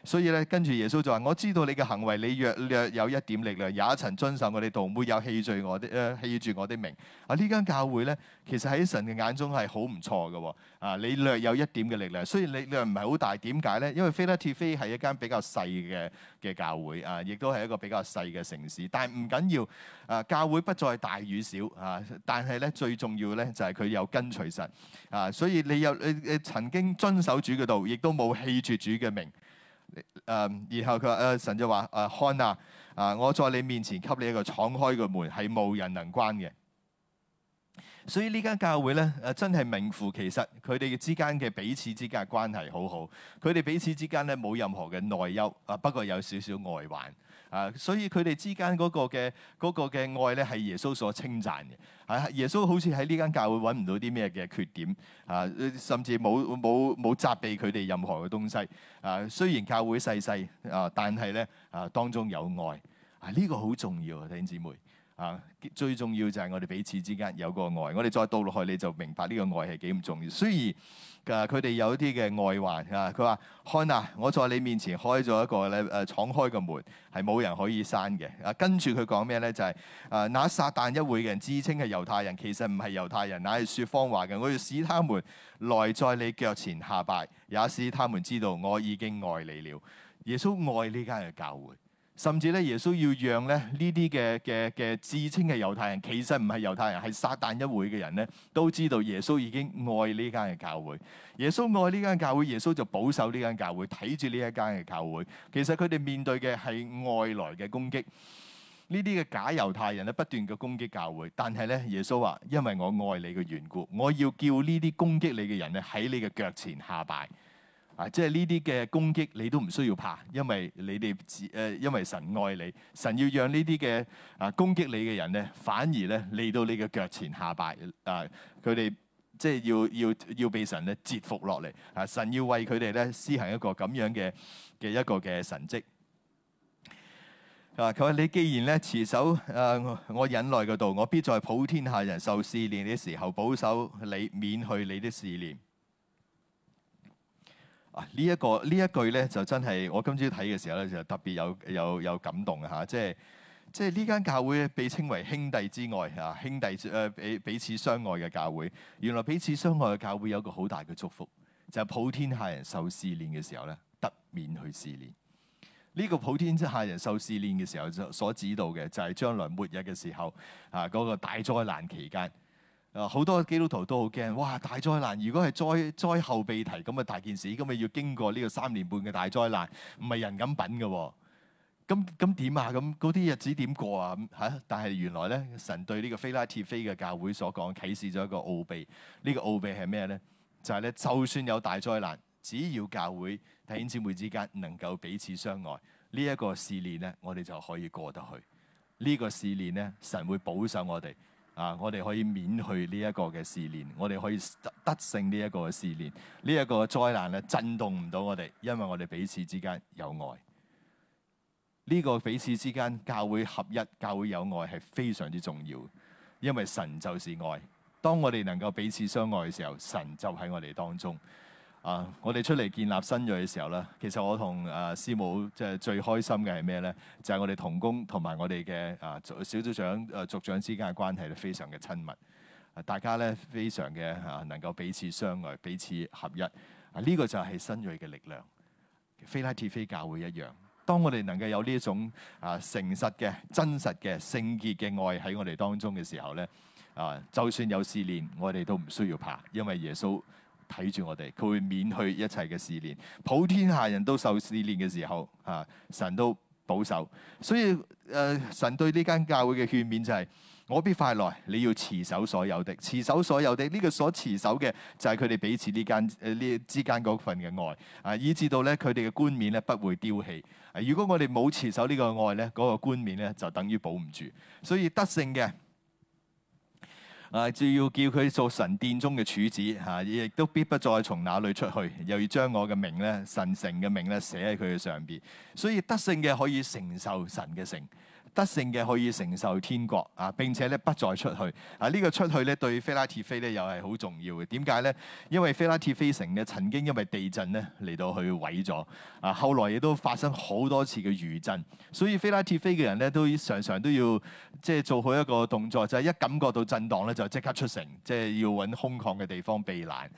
所以咧，跟住耶穌就話：我知道你嘅行為，你若若有一點力量，也曾遵守我哋道，沒有棄絕我的棄住我的名啊！呢間教會咧，其實喺神嘅眼中係好唔錯嘅喎啊！你略有一點嘅力量，雖然你力量唔係好大。點解咧？因為菲拉鐵菲係一間比較細嘅嘅教會啊，亦都係一個比較細嘅城市。但係唔緊要，緊要啊！教會不在大與小啊，但係咧最重要咧就係佢有跟隨神啊，所以你有你嘅曾經遵守主嘅道，亦都冇棄絕主嘅名。誒，然後佢話誒，神就話誒，看啊，啊，我在你面前給你一個敞開嘅門，係冇人能關嘅。所以呢間教會咧誒，真係名副其實，佢哋之間嘅彼此之間嘅關係好好，佢哋彼此之間咧冇任何嘅內憂啊，不過有少少外患啊，所以佢哋之間嗰個嘅嗰個嘅愛咧，係耶穌所稱讚嘅。係，耶穌好似喺呢間教會揾唔到啲咩嘅缺點，啊，甚至冇冇冇責備佢哋任何嘅東西，啊，雖然教會細細，啊，但係咧，啊，當中有愛，啊，呢、這個好重要，弟兄姊妹，啊，最重要就係我哋彼此之間有個愛，我哋再倒落去你就明白呢個愛係幾咁重要，雖然。佢哋有一啲嘅外患啊！佢話：看哪，我在你面前開咗一個咧誒敞開嘅門，係冇人可以閂嘅。啊，跟住佢講咩咧？就係誒那撒旦一會嘅人，自稱係猶太人，其實唔係猶太人，乃係説謊話嘅。我要使他們來在你腳前下拜，也使他們知道我已經愛你了。耶穌愛呢間嘅教會。甚至咧，耶穌要讓咧呢啲嘅嘅嘅自稱嘅猶太人，其實唔係猶太人，係撒但一會嘅人咧，都知道耶穌已經愛呢間嘅教會。耶穌愛呢間教會，耶穌就保守呢間教會，睇住呢一間嘅教會。其實佢哋面對嘅係外來嘅攻擊，呢啲嘅假猶太人咧不斷嘅攻擊教會。但係咧，耶穌話：因為我愛你嘅緣故，我要叫呢啲攻擊你嘅人咧喺你嘅腳前下拜。啊！即係呢啲嘅攻擊，你都唔需要怕，因為你哋自誒、呃，因為神愛你，神要讓呢啲嘅啊攻擊你嘅人咧，反而咧嚟到你嘅腳前下拜啊！佢哋即係要要要被神咧折服落嚟啊！神要為佢哋咧施行一個咁樣嘅嘅一個嘅神跡啊！佢話：你既然咧持守誒、呃、我，我忍耐嘅道，我必在普天下人受試煉嘅時候保守你，免去你的試煉。啊！呢一個呢一句咧，就真係我今朝睇嘅時候咧，就特別有有有感動嚇、啊，即係即係呢間教會被稱為兄弟之愛嚇，兄弟誒，彼、呃、彼此相愛嘅教會，原來彼此相愛嘅教會有個好大嘅祝福，就係普天下人受試煉嘅時候咧，得免去試煉。呢個普天下人受試煉嘅時候，就所指到嘅就係將來末日嘅時候嚇，嗰個大災難期間。啊！好多基督徒都好驚，哇！大災難，如果係災災後被提咁嘅大件事，咁咪要經過呢個三年半嘅大災難，唔係人咁品嘅。咁咁點啊？咁嗰啲日子點過啊？嚇、啊！但係原來咧，神對呢個非拉鐵非嘅教會所講，啟示咗一個奧秘。這個、奧秘呢個奧秘係咩咧？就係、是、咧，就算有大災難，只要教會弟兄姊妹之間能夠彼此相愛，這個、試呢一個試煉咧，我哋就可以過得去。這個、試呢個試煉咧，神會保守我哋。啊！我哋可以免去呢一個嘅試煉，我哋可以得勝呢一個嘅試煉。呢一個災難咧，震動唔到我哋，因為我哋彼此之間有愛。呢個彼此之間，教會合一、教會有愛係非常之重要。因為神就是愛，當我哋能夠彼此相愛嘅時候，神就喺我哋當中。啊！我哋出嚟建立新約嘅時候咧，其實我同啊師母即係最開心嘅係咩咧？就係我哋同工同埋我哋嘅啊小組長啊族長之間嘅關係咧，非常嘅親密。啊，大家咧非常嘅啊，能夠彼此相愛、彼此合一。啊，呢個就係新約嘅力量。非拉鐵非教會一樣。當我哋能夠有呢一種啊誠實嘅、真實嘅、聖潔嘅愛喺我哋當中嘅時候咧，啊，就算有試煉，我哋都唔需要怕，因為耶穌，睇住我哋，佢會免去一切嘅試煉。普天下人都受試煉嘅時候，啊，神都保守。所以，誒、呃、神對呢間教會嘅勸勉就係、是：我必快來，你要持守所有的。持守所有的呢、這個所持守嘅，就係佢哋彼此呢間誒呢之間嗰份嘅愛啊，以至到咧佢哋嘅冠冕咧不會丟棄、啊。如果我哋冇持守呢個愛咧，嗰、那個冠冕咧就等於保唔住。所以得勝嘅。啊！就要叫佢做神殿中嘅柱子，嚇、啊，亦都必不再從那裏出去，又要將我嘅名咧、神城嘅名咧寫喺佢嘅上邊，所以得勝嘅可以承受神嘅城。得勝嘅可以承受天國，啊，並且咧不再出去啊！呢、這個出去咧對非拉鐵非咧又係好重要嘅。點解咧？因為非拉鐵非城咧曾經因為地震咧嚟到去毀咗啊，後來亦都發生好多次嘅餘震，所以非拉鐵非嘅人咧都常常都要即係做好一個動作，就係、是、一感覺到震盪咧就即刻出城，即係要搵空曠嘅地方避難。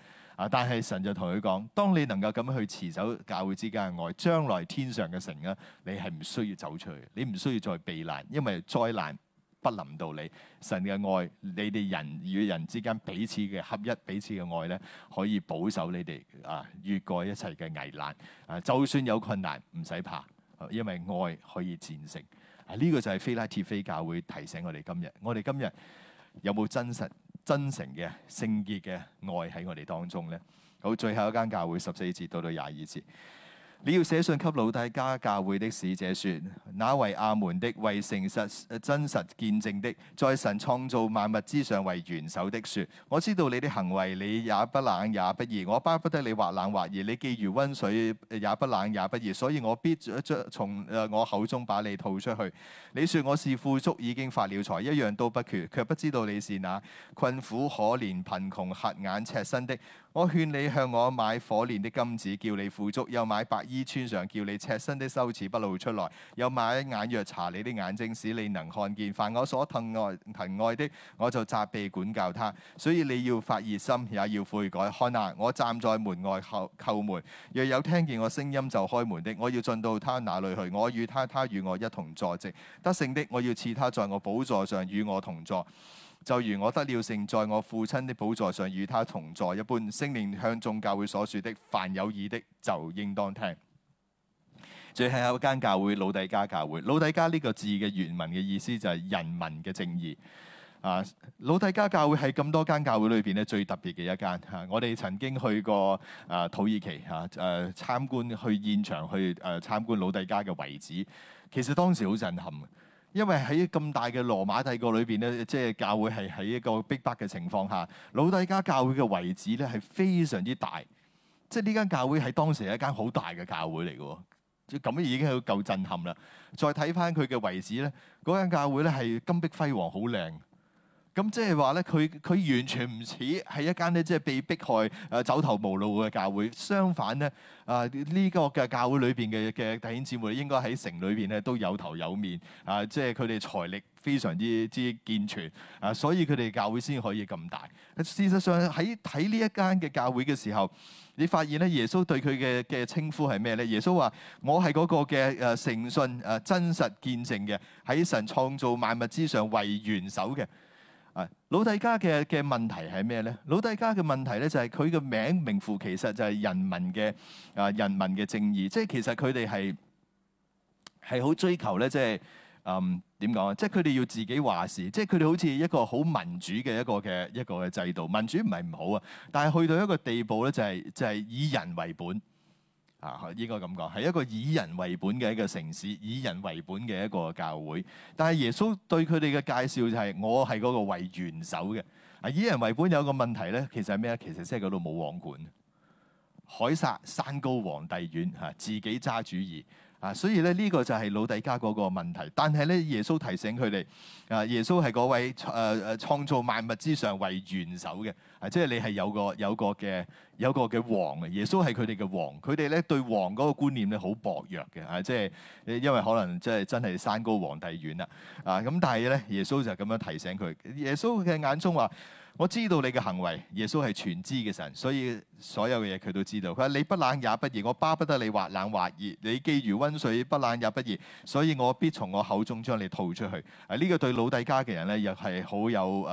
啊！但係神就同佢講：當你能夠咁樣去持守教會之間嘅愛，將來天上嘅城啊，你係唔需要走出去，你唔需要再避難，因為災難不臨到你。神嘅愛，你哋人與人之間彼此嘅合一、彼此嘅愛咧，可以保守你哋啊，越過一切嘅危難。啊，就算有困難，唔使怕，啊，因為愛可以戰勝。啊，呢個就係非拉鐵非教會提醒我哋今日。我哋今日有冇真實？真誠嘅聖潔嘅愛喺我哋當中呢，好，最後一間教會十四節到到廿二節。你要寫信給老底加教會的使者，說：那為阿門的，為誠實、真實見證的，在神創造萬物之上為元首的，說：我知道你的行為，你也不冷也不熱。我巴不得你或冷或熱，你既如温水，也不冷也不熱。所以我必將從我口中把你吐出去。你說我是富足，已經發了財，一樣都不缺，卻不知道你是那困苦可憐、可憐、貧窮、瞎眼、赤身的。我勸你向我買火煉的金子，叫你富足；又買白衣穿上，叫你赤身的羞恥不露出來。又買眼藥搽你的眼睛，使你能看見。凡我所疼愛疼愛的，我就責備管教他。所以你要發熱心，也要悔改。看哪，我站在門外叩叩門，若有聽見我聲音就開門的，我要進到他那裏去。我與他，他與我一同坐席。得勝的，我要賜他在我寶座上與我同坐。就如我得了勝，在我父親的寶座上與他同坐一般。聖靈向眾教會所說的，凡有耳的就應當聽。最後有一間教會，老底加教會。老底加呢個字嘅原文嘅意思就係人民嘅正義。啊，老底加教會喺咁多間教會裏邊咧，最特別嘅一間，啊。我哋曾經去過啊土耳其啊，誒參觀去現場去誒參、啊、觀老底加嘅遺址，其實當時好震撼。因為喺咁大嘅羅馬帝國裏邊咧，即係教會係喺一個逼迫嘅情況下，老底加教會嘅位置咧係非常之大，即係呢間教會喺當時係一間好大嘅教會嚟嘅，咁已經係夠震撼啦。再睇翻佢嘅位置咧，嗰間教會咧係金碧輝煌，好靚。咁即係話咧，佢佢完全唔似係一間咧，即係被迫害、誒走投無路嘅教會。相反咧，啊、這、呢個嘅教會裏邊嘅嘅弟兄姊妹應該喺城裏邊咧都有頭有面啊，即係佢哋財力非常之之健全啊，所以佢哋教會先可以咁大。事實上喺睇呢一間嘅教會嘅時候，你發現咧，耶穌對佢嘅嘅稱呼係咩咧？耶穌話：我係嗰個嘅誒誠信誒真實見證嘅，喺神創造萬物之上為元首嘅。老底嘉嘅嘅問題係咩咧？老底嘉嘅問題咧就係佢嘅名名副其實就係人民嘅啊、呃、人民嘅正義，即係其實佢哋係係好追求咧，即係嗯點講啊？即係佢哋要自己話事，即係佢哋好似一個好民主嘅一個嘅一個嘅制度，民主唔係唔好啊，但係去到一個地步咧、就是，就係就係以人為本。啊，應該咁講，係一個以人為本嘅一個城市，以人為本嘅一個教會。但係耶穌對佢哋嘅介紹就係、是，我係嗰個為元首嘅。啊，以人為本有個問題咧，其實係咩咧？其實即係嗰度冇王管，海殺山高皇帝遠嚇，自己揸主意。啊，所以咧呢、這個就係老底嘉嗰個問題。但係咧，耶穌提醒佢哋，啊，耶穌係嗰位誒誒、呃、創造萬物之上為元首嘅，啊，即係你係有個有個嘅有個嘅王嘅。耶穌係佢哋嘅王，佢哋咧對王嗰個觀念咧好薄弱嘅，啊，即係因為可能即係真係山高皇帝遠啦，啊，咁但係咧耶穌就咁樣提醒佢。耶穌嘅眼中話。我知道你嘅行為，耶穌係全知嘅神，所以所有嘅嘢佢都知道。佢話你不冷也不熱，我巴不得你或冷或熱。你既如温水不冷也不熱，所以我必從我口中將你吐出去。啊，呢、這個對老底嘉嘅人咧，又係好有誒，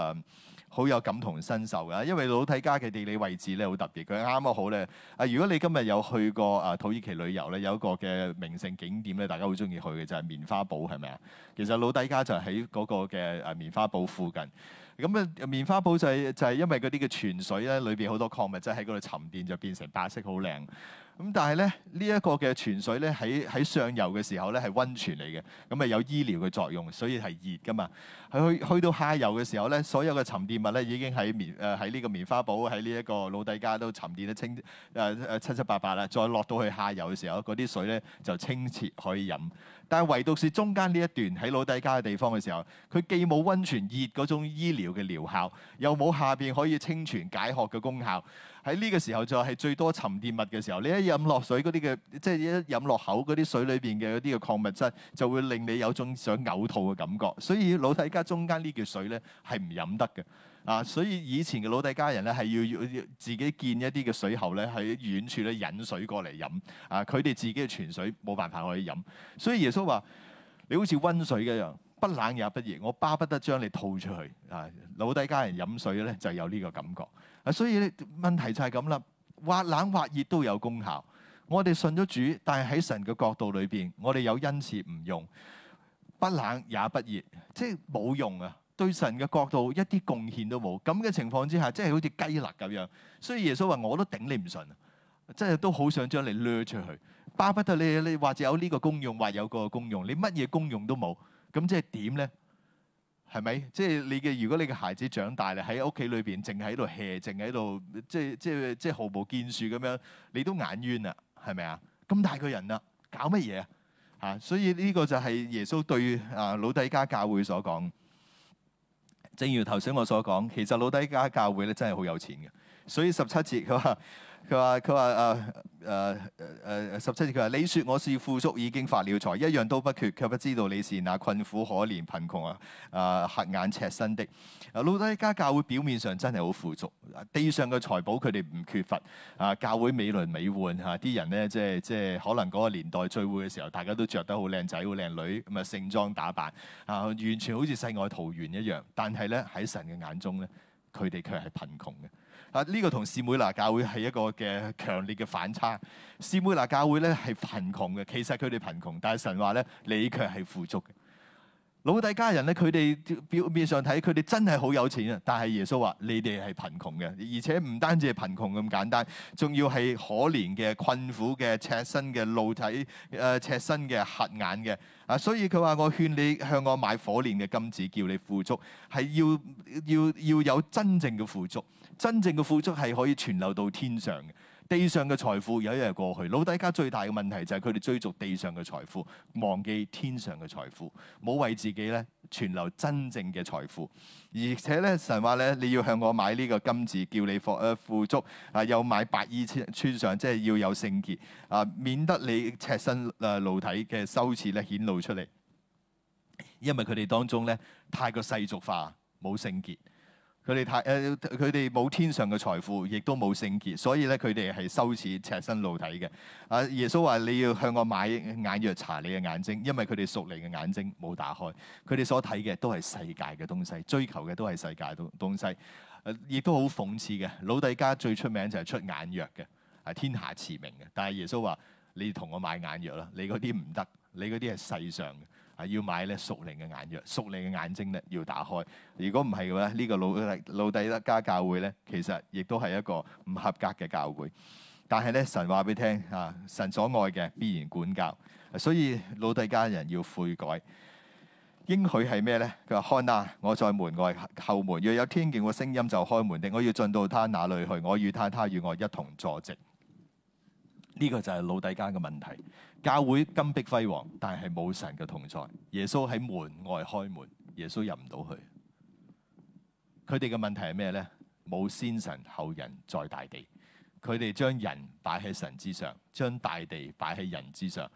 好、呃、有感同身受嘅。因為老底嘉嘅地理位置咧好特別，佢啱啱好咧。啊，如果你今日有去過啊土耳其旅遊咧，有一個嘅名勝景點咧，大家好鍾意去嘅就係、是、棉花堡，係咪啊？其實老底嘉就喺嗰個嘅啊棉花堡附近。咁啊，棉花堡就係就係因為嗰啲嘅泉水咧，裏邊好多礦物質喺嗰度沉澱，就變成白色好靚。咁但係咧，呢一個嘅泉水咧，喺喺上游嘅時候咧係温泉嚟嘅，咁啊有醫療嘅作用，所以係熱噶嘛。去去到下游嘅時候咧，所有嘅沉澱物咧已經喺棉誒喺呢個棉花堡喺呢一個老底家都沉澱得清誒誒、呃、七七八八啦。再落到去下游嘅時候，嗰啲水咧就清澈可以飲。但係唯獨是中間呢一段喺老底家嘅地方嘅時候，佢既冇温泉熱嗰種醫療嘅療效，又冇下邊可以清泉解渴嘅功效。喺呢個時候就係最多沉澱物嘅時候，你一飲落水嗰啲嘅，即係一飲落口嗰啲水裏邊嘅嗰啲嘅礦物質，就會令你有種想嘔吐嘅感覺。所以老底家中間呢段水咧係唔飲得嘅。啊，所以以前嘅老底家人咧，係要要自己建一啲嘅水喉咧，喺遠處咧引水過嚟飲。啊，佢哋自己嘅泉水冇辦法可以飲。所以耶穌話：你好似温水一樣，不冷也不熱，我巴不得將你吐出去。啊，老底家人飲水咧就有呢個感覺。啊，所以問題就係咁啦，或冷或熱都有功效。我哋信咗主，但係喺神嘅角度裏邊，我哋有恩賜唔用，不冷也不熱，即係冇用啊。對神嘅角度一啲貢獻都冇咁嘅情況之下，即係好似雞肋咁樣。所以耶穌話我都頂你唔順，即係都好想將你掠出去。巴不得你你，你或者有呢個功用，或有個功用，你乜嘢功用都冇咁，即係點咧？係咪？即係你嘅？如果你嘅孩子長大咧，喺屋企裏邊淨係喺度 hea，淨係喺度即係即係即係毫無建樹咁樣，你都眼冤啦？係咪啊？咁大個人啦，啊，搞乜嘢啊？吓，所以呢個就係耶穌對啊老底加教會所講。正如頭先我所講，其實老底加教會咧真係好有錢嘅，所以十七節佢話。佢話：佢話啊啊誒、啊、十七節，佢話：你 説樂我是富足，已經發了財，一樣都不缺，卻不知道你是那困苦、可憐、貧窮啊！啊，瞎眼、赤身的啊！老底嘉教會表面上真係好富足，地上嘅財寶佢哋唔缺乏啊！教會美輪美奐嚇，啲、啊、人咧即係即係可能嗰個年代聚會嘅時候，大家都着得好靚仔、好靚女，咁啊盛裝打扮啊，完全好似世外桃源一樣。但係咧喺神嘅眼中咧，佢哋卻係貧窮嘅。啊！呢、這個同士每拿教會係一個嘅強烈嘅反差。士每拿教會咧係貧窮嘅，其實佢哋貧窮，但係神話咧你卻係富足嘅。老底嘉人咧，佢哋表面上睇佢哋真係好有錢啊，但係耶穌話你哋係貧窮嘅，而且唔單止係貧窮咁簡單，仲要係可憐嘅、困苦嘅、赤身嘅、露體誒、呃、赤身嘅、瞎眼嘅。啊！所以佢話：我勸你向我買火煉嘅金子，叫你富足，係要要要,要有真正嘅富足。真正嘅富足係可以存留到天上嘅，地上嘅財富有一日過去。老底嘉最大嘅問題就係佢哋追逐地上嘅財富，忘記天上嘅財富，冇為自己咧存留真正嘅財富。而且咧神話咧你要向我買呢個金子，叫你富誒富足啊，又買白衣穿穿上，即係要有聖潔啊，免得你赤身誒露、呃、體嘅羞恥咧顯露出嚟，因為佢哋當中咧太過世俗化，冇聖潔。佢哋太誒，佢哋冇天上嘅財富，亦都冇聖潔，所以咧佢哋係羞恥赤身露體嘅。啊，耶穌話你要向我買眼藥搽你嘅眼睛，因為佢哋熟你嘅眼睛冇打開，佢哋所睇嘅都係世界嘅東西，追求嘅都係世界嘅東西。誒，亦都好諷刺嘅，老底嘉最出名就係出眼藥嘅，係天下馳名嘅。但係耶穌話你同我買眼藥啦，你嗰啲唔得，你嗰啲係世上嘅。啊，要買咧屬靈嘅眼藥，屬靈嘅眼睛咧要打開。如果唔係嘅話，呢、這個老老底嘉教會咧，其實亦都係一個唔合格嘅教會。但係咧，神話俾你聽啊，神所愛嘅必然管教，所以老底嘉人要悔改。應許係咩咧？佢話：看啊，我在門外叩門，若有聽見我、那個、聲音就開門的，我要進到他那裡去，我與他，他與我一同坐席。呢、這個就係老底嘉嘅問題。教會金碧輝煌，但係冇神嘅同在。耶穌喺門外開門，耶穌入唔到去。佢哋嘅問題係咩呢？冇先神後人，在大地。佢哋將人擺喺神之上，將大地擺喺人之上，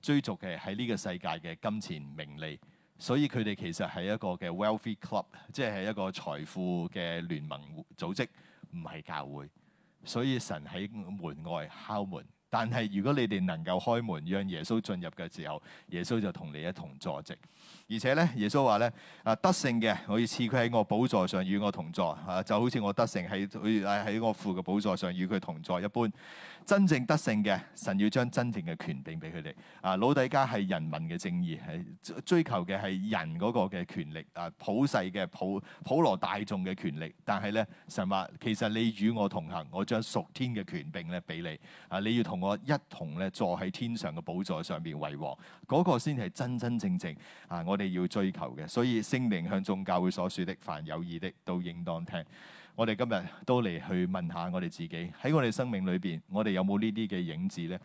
追逐嘅係呢個世界嘅金錢名利。所以佢哋其實係一個嘅 wealthy club，即係一個財富嘅聯盟組織，唔係教會。所以神喺門外敲門。但係，如果你哋能夠開門讓耶穌進入嘅時候，耶穌就同你一同坐席。而且咧，耶穌話咧：啊，得勝嘅，我要賜佢喺我寶座上與我同坐。啊，就好似我得勝喺佢喺我父嘅寶座上與佢同坐一般。真正得勝嘅神要將真正嘅權柄俾佢哋。啊，老底嘉係人民嘅正義，係追求嘅係人嗰個嘅權力，啊，普世嘅普普羅大眾嘅權力。但係咧，神話其實你與我同行，我將屬天嘅權柄咧俾你。啊，你要同我一同咧坐喺天上嘅寶座上邊為王。嗰、那個先係真真正正啊，我哋要追求嘅。所以聖靈向眾教會所説的，凡有耳的都應當聽。我哋今日都嚟去問下我哋自己喺我哋生命裏邊，我哋有冇呢啲嘅影子咧？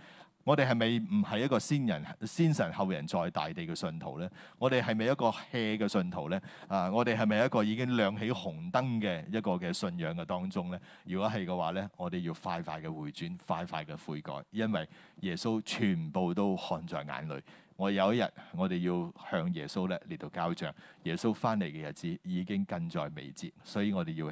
我哋係咪唔係一個先人先神後人，在大地嘅信徒咧？我哋係咪一個 hea 嘅信徒咧？啊！我哋係咪一個已經亮起紅燈嘅一個嘅信仰嘅當中咧？如果係嘅話咧，我哋要快快嘅回轉，快快嘅悔改，因為耶穌全部都看在眼裏。我有一日，我哋要向耶穌咧嚟到交賬。耶穌翻嚟嘅日子已經近在眉睫，所以我哋要。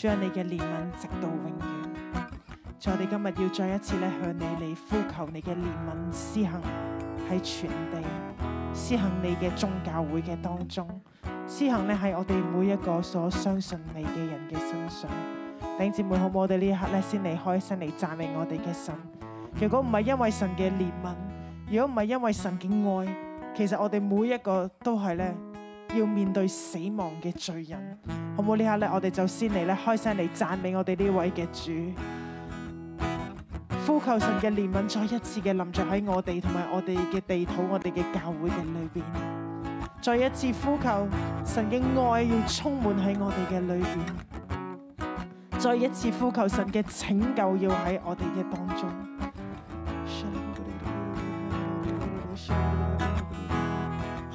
將你嘅憐憫直到永遠。在我哋今日要再一次向你嚟，呼求你嘅憐憫施行喺全地，施行你嘅宗教會嘅當中，施行咧，喺我哋每一個所相信你嘅人嘅身上。弟兄姊妹，好唔好，我哋呢一刻先嚟開心嚟讚美我哋嘅神。如果唔係因為神嘅憐憫，如果唔係因為神嘅愛，其實我哋每一個都係咧。要面對死亡嘅罪人，好唔好？呢下咧，我哋就先嚟咧，開聲嚟讚美我哋呢位嘅主，呼求神嘅憐憫，再一次嘅臨着喺我哋同埋我哋嘅地土、我哋嘅教會嘅裏邊，再一次呼求神嘅愛要充滿喺我哋嘅裏邊，再一次呼求神嘅拯救要喺我哋嘅當中。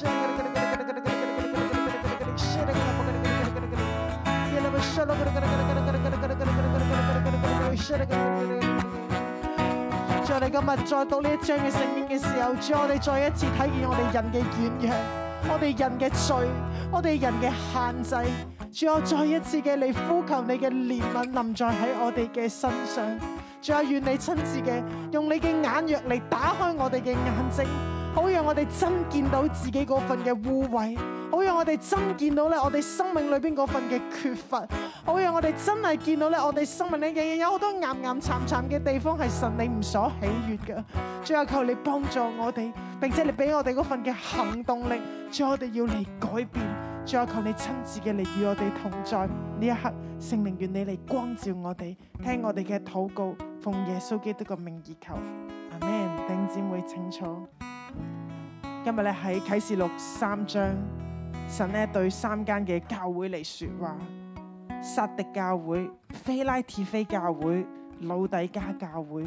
主你今日再到呢一張嘅聖言嘅時候，主我哋再一次睇見我哋人嘅軟弱，我哋人嘅罪，我哋人嘅限制。主啊，再一次嘅你呼求你嘅憐憫臨在喺我哋嘅身上。主啊，願你親自嘅用你嘅眼藥嚟打開我哋嘅眼睛。好讓我哋真見到自己嗰份嘅污穢，好讓我哋真見到咧我哋生命裏邊嗰份嘅缺乏，好讓我哋真係見到咧我哋生命裏嘅嘢，有好多岩岩慘慘嘅地方係神你唔所喜悅嘅噶。再求你幫助我哋，並且你俾我哋嗰份嘅行動力，叫我哋要嚟改變。再求你親自嘅嚟與我哋同在呢一刻，聖靈，願你嚟光照我哋，聽我哋嘅禱告，奉耶穌基督嘅名義求 Amen。弟兄姊妹，請坐。今日咧喺啟示錄三章，神咧對三間嘅教會嚟說話：撒狄教會、非拉鐵非教會、老底加教會。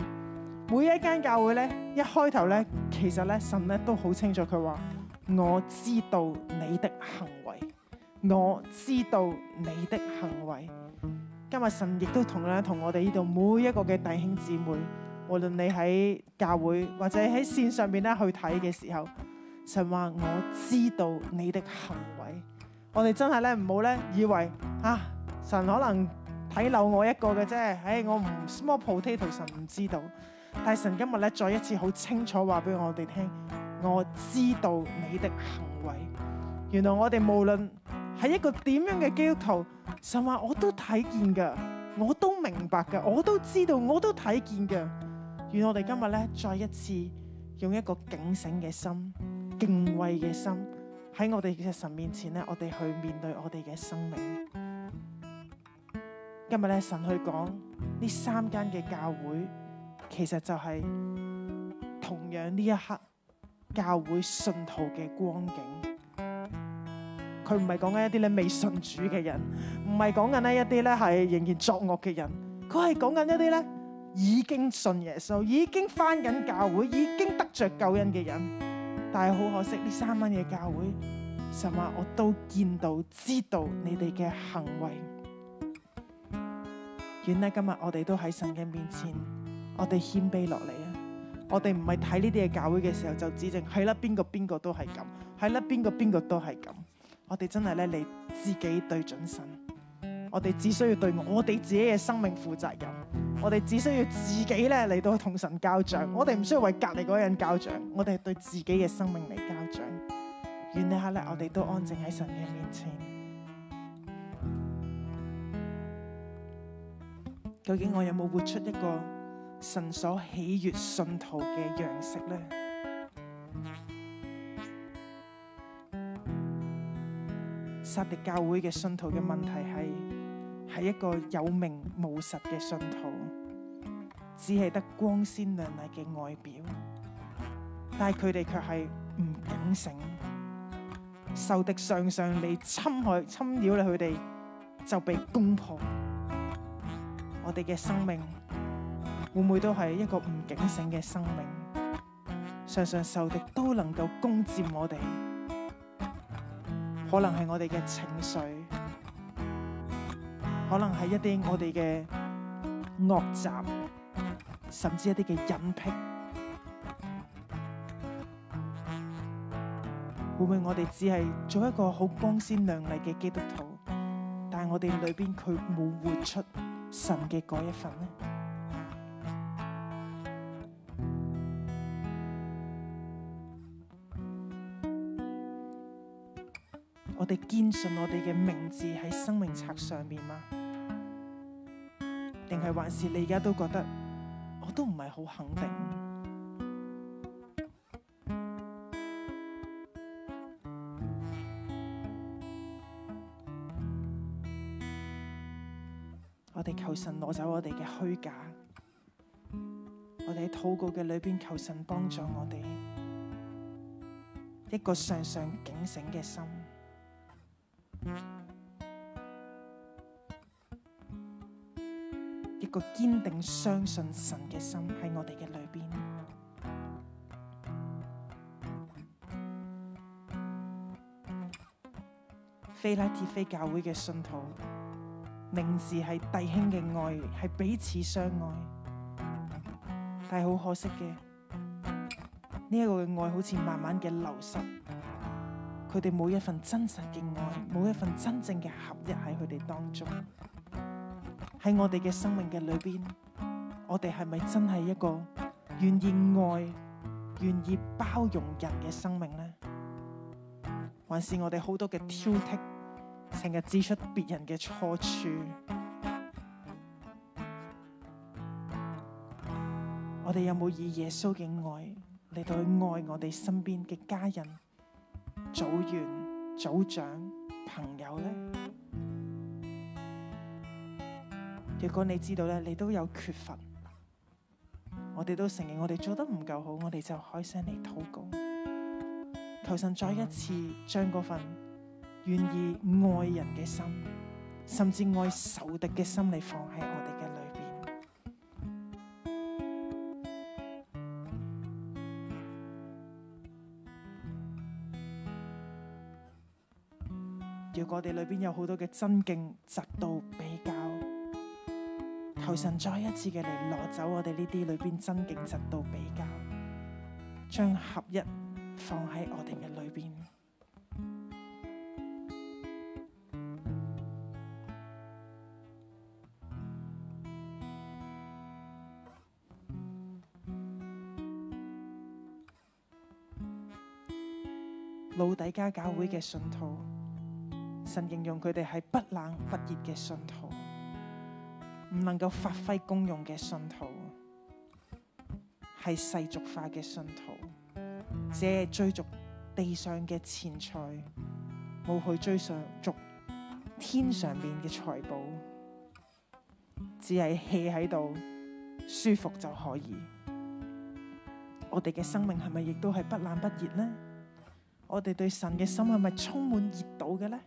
每一間教會呢，一開頭呢，其實呢，神咧都好清楚佢話：我知道你的行為，我知道你的行為。今日神亦都同樣同我哋呢度每一個嘅弟兄姊妹。.無論你喺教會或者喺線上面咧，去睇嘅時候，神話我知道你的行為。我哋真係咧唔好咧以為啊，神可能睇漏我一個嘅啫。唉、哎，我唔 small potato 神唔知道，但神今日咧再一次好清楚話俾我哋聽，我知道你的行為。原來我哋無論喺一個點樣嘅基督徒，神話我都睇見噶，我都明白噶，我都知道，我都睇見噶。願我哋今日咧，再一次用一個警醒嘅心、敬畏嘅心，喺我哋嘅神面前咧，我哋去面對我哋嘅生命。今日咧，神去講呢三間嘅教會，其實就係同樣呢一刻教會信徒嘅光景。佢唔係講緊一啲咧未信主嘅人，唔係講緊呢一啲咧係仍然作惡嘅人，佢係講緊一啲咧。已經信耶穌，已經返緊教會，已經得着救恩嘅人，但係好可惜，呢三蚊嘅教會，神話，我都見到知道你哋嘅行為。願呢今日我哋都喺神嘅面前，我哋謙卑落嚟啊！我哋唔係睇呢啲嘅教會嘅時候就指正，係啦邊個邊個都係咁，係啦邊個邊個都係咁。我哋真係咧，你自己對準神，我哋只需要對我哋自己嘅生命負責任。我哋只需要自己咧嚟到同神交賬，我哋唔需要為隔籬嗰人交賬，我哋係對自己嘅生命嚟交賬。願你下咧，我哋都安靜喺神嘅面前。究竟我有冇活出一個神所喜悅信徒嘅樣式呢？撒狄教會嘅信徒嘅問題係。係一個有名無實嘅信徒，只係得光鮮亮麗嘅外表，但係佢哋卻係唔警醒，仇敵常常嚟侵害、侵擾你，佢哋就被攻破。我哋嘅生命會唔會都係一個唔警醒嘅生命？常常仇敵都能夠攻佔我哋，可能係我哋嘅情緒。可能係一啲我哋嘅惡習，甚至一啲嘅隱癖，會唔會我哋只係做一個好光鮮亮麗嘅基督徒，但係我哋裏邊佢冇活出神嘅嗰一份呢？我哋堅信我哋嘅名字喺生命冊上面嗎？定係還是你而家都覺得我都唔係好肯定？我哋求神攞走我哋嘅虛假，我哋喺禱告嘅裏邊求神幫助我哋一個常常警醒嘅心。個堅定相信神嘅心喺我哋嘅裏邊，菲拉鐵菲教會嘅信徒，名字係弟兄嘅愛，係彼此相愛。但係好可惜嘅，呢一個嘅愛好似慢慢嘅流失，佢哋冇一份真實嘅愛，冇一份真正嘅合一喺佢哋當中。喺我哋嘅生命嘅裏邊，我哋係咪真係一個願意愛、願意包容人嘅生命呢？還是我哋好多嘅挑剔，成日指出別人嘅錯處？我哋有冇以耶穌嘅愛嚟到去愛我哋身邊嘅家人、組員、組長、朋友呢？如果你知道咧，你都有缺乏，我哋都承認我哋做得唔夠好，我哋就開聲嚟禱告，求神再一次將嗰份願意愛人嘅心，甚至愛仇敵嘅心，理放喺我哋嘅裏邊。如果我哋裏邊有好多嘅真敬、實到、俾。求神再一次嘅嚟攞走我哋呢啲裏邊嘅爭競、嫉妒、比較，將合一放喺我哋嘅裏邊。老底嘉教會嘅信徒，神形容佢哋係不冷不熱嘅信徒。唔能夠發揮功用嘅信徒，係世俗化嘅信徒，只係追逐地上嘅錢財，冇去追上逐天上面嘅財寶，只係 hea 喺度，舒服就可以。我哋嘅生命係咪亦都係不冷不熱呢？我哋對神嘅心係咪充滿熱度嘅呢？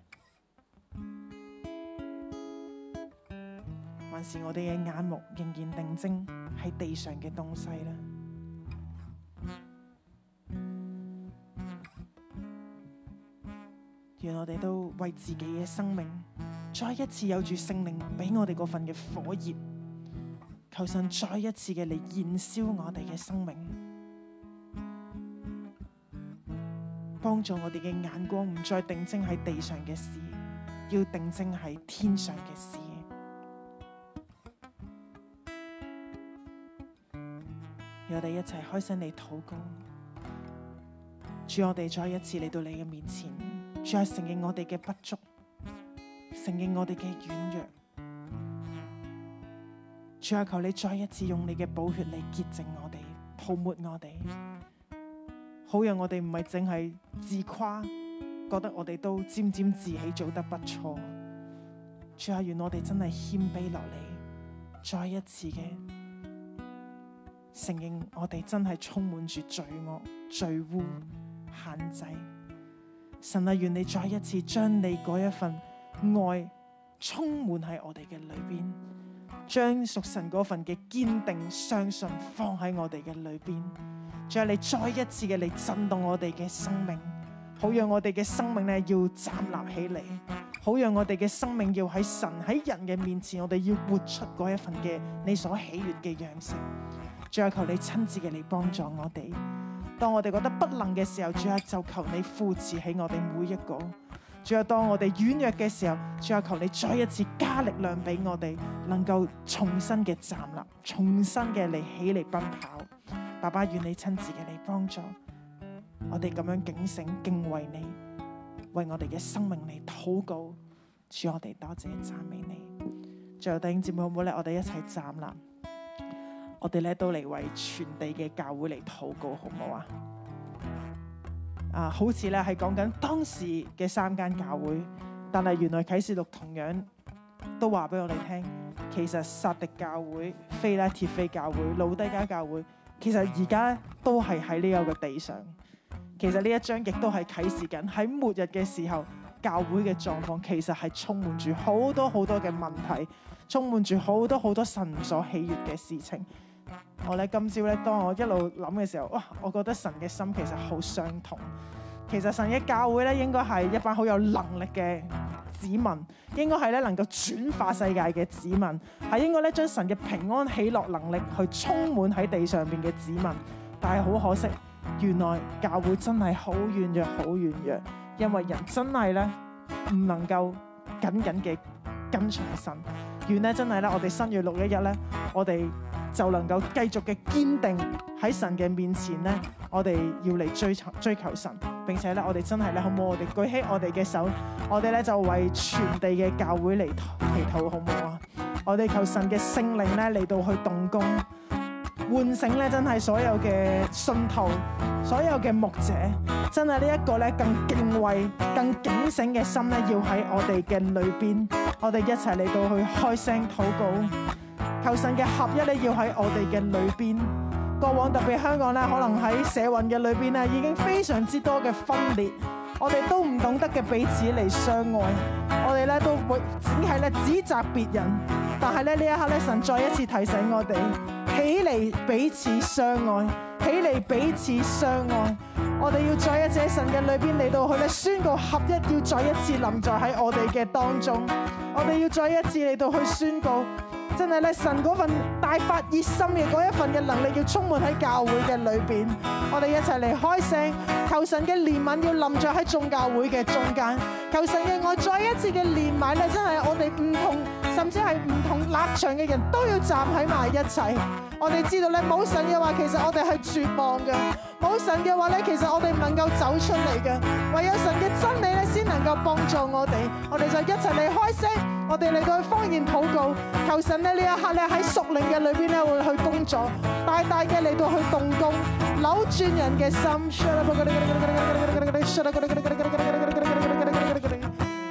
是我哋嘅眼目仍然定睛喺地上嘅東西啦。願我哋都為自己嘅生命再一次有住聖靈俾我哋嗰份嘅火熱，求神再一次嘅嚟燃燒我哋嘅生命，幫助我哋嘅眼光唔再定睛喺地上嘅事，要定睛喺天上嘅事。我哋一齊開心嚟禱告，主，我哋再一次嚟到你嘅面前，主 啊樂，承認我哋嘅不足，承認我哋嘅軟弱，主啊，求你再一次用你嘅寶血嚟潔淨我哋，塗抹我哋，好讓我哋唔係淨係自誇，覺得我哋都沾沾自喜做得不錯，主啊，願我哋真係謙卑落嚟，再一次嘅。承認我哋真係充滿住罪惡、罪污、限制。神啊，願你再一次將你嗰一份愛充滿喺我哋嘅裏邊，將屬神嗰份嘅堅定相信放喺我哋嘅裏邊，仲有你再一次嘅你震動我哋嘅生命，好讓我哋嘅生命咧要站立起嚟。好讓我哋嘅生命要喺神喺人嘅面前，我哋要活出嗰一份嘅你所喜悅嘅樣式。最後求你親自嘅嚟幫助我哋，當我哋覺得不能嘅時候，最後，就求你扶持起我哋每一個，最後當我哋軟弱嘅時候，最後求你再一次加力量俾我哋，能夠重新嘅站立，重新嘅嚟起嚟奔跑。爸爸，願你親自嘅嚟幫助我哋，咁樣警醒敬畏你，為我哋嘅生命嚟禱告，主，我哋多謝讚美你。最後，弟兄姊妹，好唔好咧？我哋一齊站立。我哋咧都嚟為全地嘅教會嚟禱告，好唔好啊？啊，好似咧係講緊當時嘅三間教會，但係原來啟示錄同樣都話俾我哋聽，其實撒迪教會、非拉鐵非教會、老底加教會，其實而家都係喺呢個嘅地上。其實呢一章亦都係啟示緊喺末日嘅時候教會嘅狀況，其實係充滿住好多好多嘅問題，充滿住好多好多神所喜悦嘅事情。我咧今朝咧，當我一路諗嘅時候，哇！我覺得神嘅心其實好傷痛。其實神嘅教會咧，應該係一班好有能力嘅子民，應該係咧能夠轉化世界嘅子民，係應該咧將神嘅平安喜樂能力去充滿喺地上邊嘅子民。但係好可惜，原來教會真係好軟弱，好軟弱，因為人真係咧唔能夠緊緊嘅跟隨神。願咧真係咧，我哋新月六一日咧，我哋就能夠繼續嘅堅定喺神嘅面前咧，我哋要嚟追求追求神。並且咧，我哋真係咧，好唔好？我哋舉起我哋嘅手，我哋咧就為全地嘅教會嚟祈禱，好唔好啊？我哋求神嘅聖靈咧嚟到去動工。喚醒咧，真係所有嘅信徒，所有嘅牧者，真係呢一個咧更敬畏、更警醒嘅心咧，要喺我哋嘅裏邊，我哋一齊嚟到去開聲禱告，求神嘅合一咧，要喺我哋嘅裏邊。過往特別香港咧，可能喺社運嘅裏邊咧，已經非常之多嘅分裂，我哋都唔懂得嘅彼此嚟相愛，我哋咧都會只係咧指責別人。但係咧呢一刻咧，神再一次提醒我哋：起嚟彼此相愛，起嚟彼此相愛。我哋要再一次喺神嘅裏邊嚟到去咧，宣告合一，要再一次臨在喺我哋嘅當中。我哋要再一次嚟到去宣告，真係咧神嗰份大發熱心嘅嗰一份嘅能力，要充滿喺教會嘅裏邊。我哋一齊嚟開聲，求神嘅憐憫要臨在喺眾教會嘅中間，求神嘅愛再一次嘅憐憫咧，真係我哋唔同。甚至係唔同立場嘅人都要站喺埋一齊，我哋知道咧，冇神嘅話其實我哋係絕望嘅；冇神嘅話咧，其實我哋唔能夠走出嚟嘅。唯有神嘅真理咧，先能夠幫助我哋。我哋就一齊嚟開聲，我哋嚟到去方言禱告，求神咧呢一刻咧喺屬靈嘅裏邊咧會去工作，大大嘅嚟到去動工，扭轉人嘅心。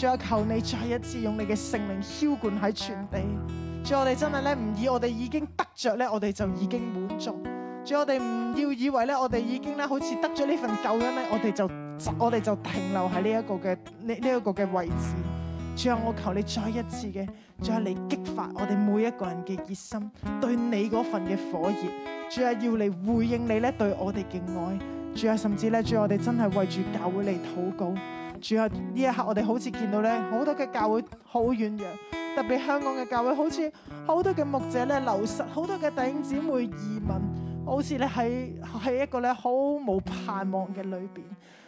主啊，有求你再一次用你嘅聖靈澆灌喺全地。主啊，我哋真係咧唔以我哋已經得着咧，我哋就已經滿足。主啊，我哋唔要以為咧，我哋已經咧好似得咗呢份救恩咧，我哋就，就我哋就停留喺呢一個嘅呢呢一個嘅位置。主啊，我求你再一次嘅，再啊嚟激發我哋每一個人嘅熱心，對你嗰份嘅火熱。主啊，要嚟回應你咧對我哋嘅愛。主啊，甚至咧，主啊，我哋真係為住教會嚟禱告。.主後呢一刻，我哋好似見到咧，好多嘅教，教會好遠揚，特別香港嘅教會好似好多嘅牧者咧流失，好多嘅弟兄姊妹移民，好似咧喺喺一個咧好冇盼望嘅裏邊。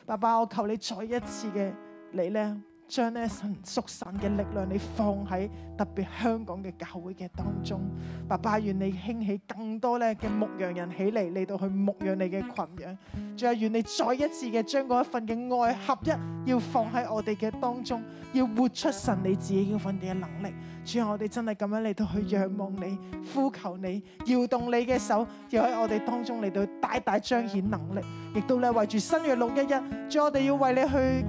爸爸，我求你再一次嘅你咧。將咧神疏散嘅力量，你放喺特別香港嘅教會嘅當中。爸爸願你興起更多咧嘅牧羊人起嚟，嚟到去牧養你嘅群羊。仲有願你再一次嘅將嗰一份嘅愛合一，要放喺我哋嘅當中，要活出神你自己嗰份嘅能力。主啊，我哋真係咁樣嚟到去仰望你、呼求你、搖動你嘅手，又喺我哋當中嚟到大大彰顯能力，亦都咧為住新月六一一。主，我哋要為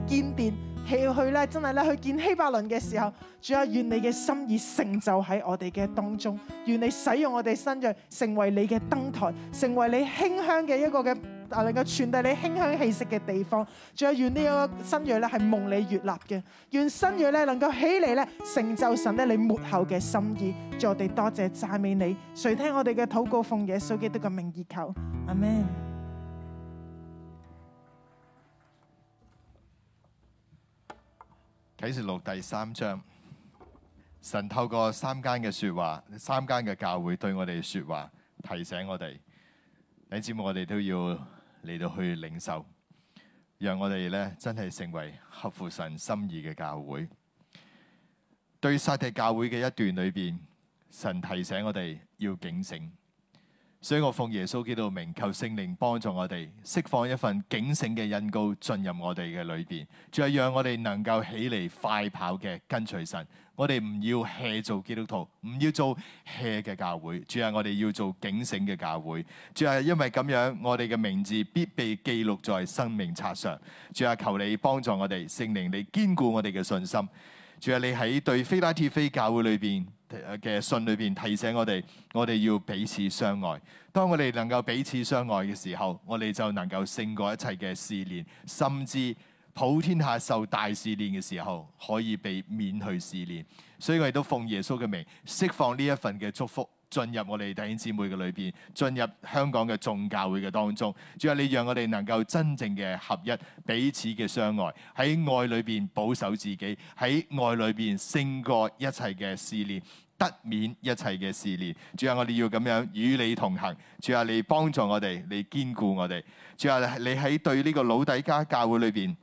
你去建殿。起去咧，真係咧，去見希伯倫嘅時候，仲有願你嘅心意成就喺我哋嘅當中，願你使用我哋新約，成為你嘅燈臺，成為你馨香嘅一個嘅能夠傳遞你馨香氣息嘅地方。仲有願呢個新約咧係蒙你悅納嘅，願新約咧能夠起嚟咧成就神咧你末後嘅心意。我哋多謝讚美你，誰聽我哋嘅禱告奉耶穌基督嘅名義求，阿門。啟示錄第三章，神透過三間嘅說話，三間嘅教會對我哋說話，提醒我哋，你知唔知我哋都要嚟到去領受，讓我哋咧真係成為合乎神心意嘅教會。對撒狄教會嘅一段裏邊，神提醒我哋要警醒。所以我奉耶穌基督名，求聖靈幫助我哋釋放一份警醒嘅印告進入我哋嘅裏邊。主啊，讓我哋能夠起嚟快跑嘅跟隨神。我哋唔要 hea 做基督徒，唔要做 hea 嘅教會。主啊，我哋要做警醒嘅教會。主啊，因為咁樣我哋嘅名字必被記錄在生命冊上。主啊，求你幫助我哋，聖靈你堅固我哋嘅信心。主啊，你喺對非拉鐵非教會裏邊嘅信裏邊提醒我哋，我哋要彼此相愛。當我哋能夠彼此相愛嘅時候，我哋就能夠勝過一切嘅試煉，甚至普天下受大試煉嘅時候，可以被免去試煉。所以我哋都奉耶穌嘅名，釋放呢一份嘅祝福進入我哋弟兄姊妹嘅裏邊，進入香港嘅眾教會嘅當中。主啊，你讓我哋能夠真正嘅合一，彼此嘅相愛，喺愛裏邊保守自己，喺愛裏邊勝過一切嘅試煉。得免一切嘅試煉，主啊，我哋要咁樣與你同行，主啊，你幫助我哋，你堅固我哋，主啊，你喺對呢個老底嘉教會裏邊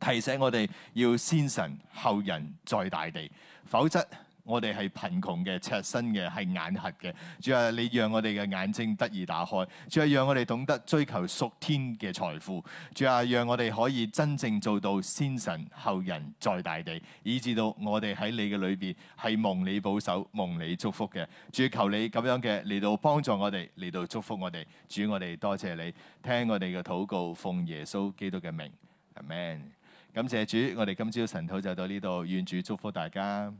提醒我哋要先神後人再大地，否則。我哋係貧窮嘅、赤身嘅、係眼瞎嘅。主啊，你讓我哋嘅眼睛得以打開，主啊，讓我哋懂得追求屬天嘅財富。主啊，讓我哋可以真正做到先神後人，在大地，以至到我哋喺你嘅裏邊係蒙你保守、蒙你祝福嘅。主求你咁樣嘅嚟到幫助我哋，嚟到祝福我哋。主，我哋多謝你聽我哋嘅禱告，奉耶穌基督嘅名，Amen。感謝主，我哋今朝晨禱就到呢度，願主祝福大家。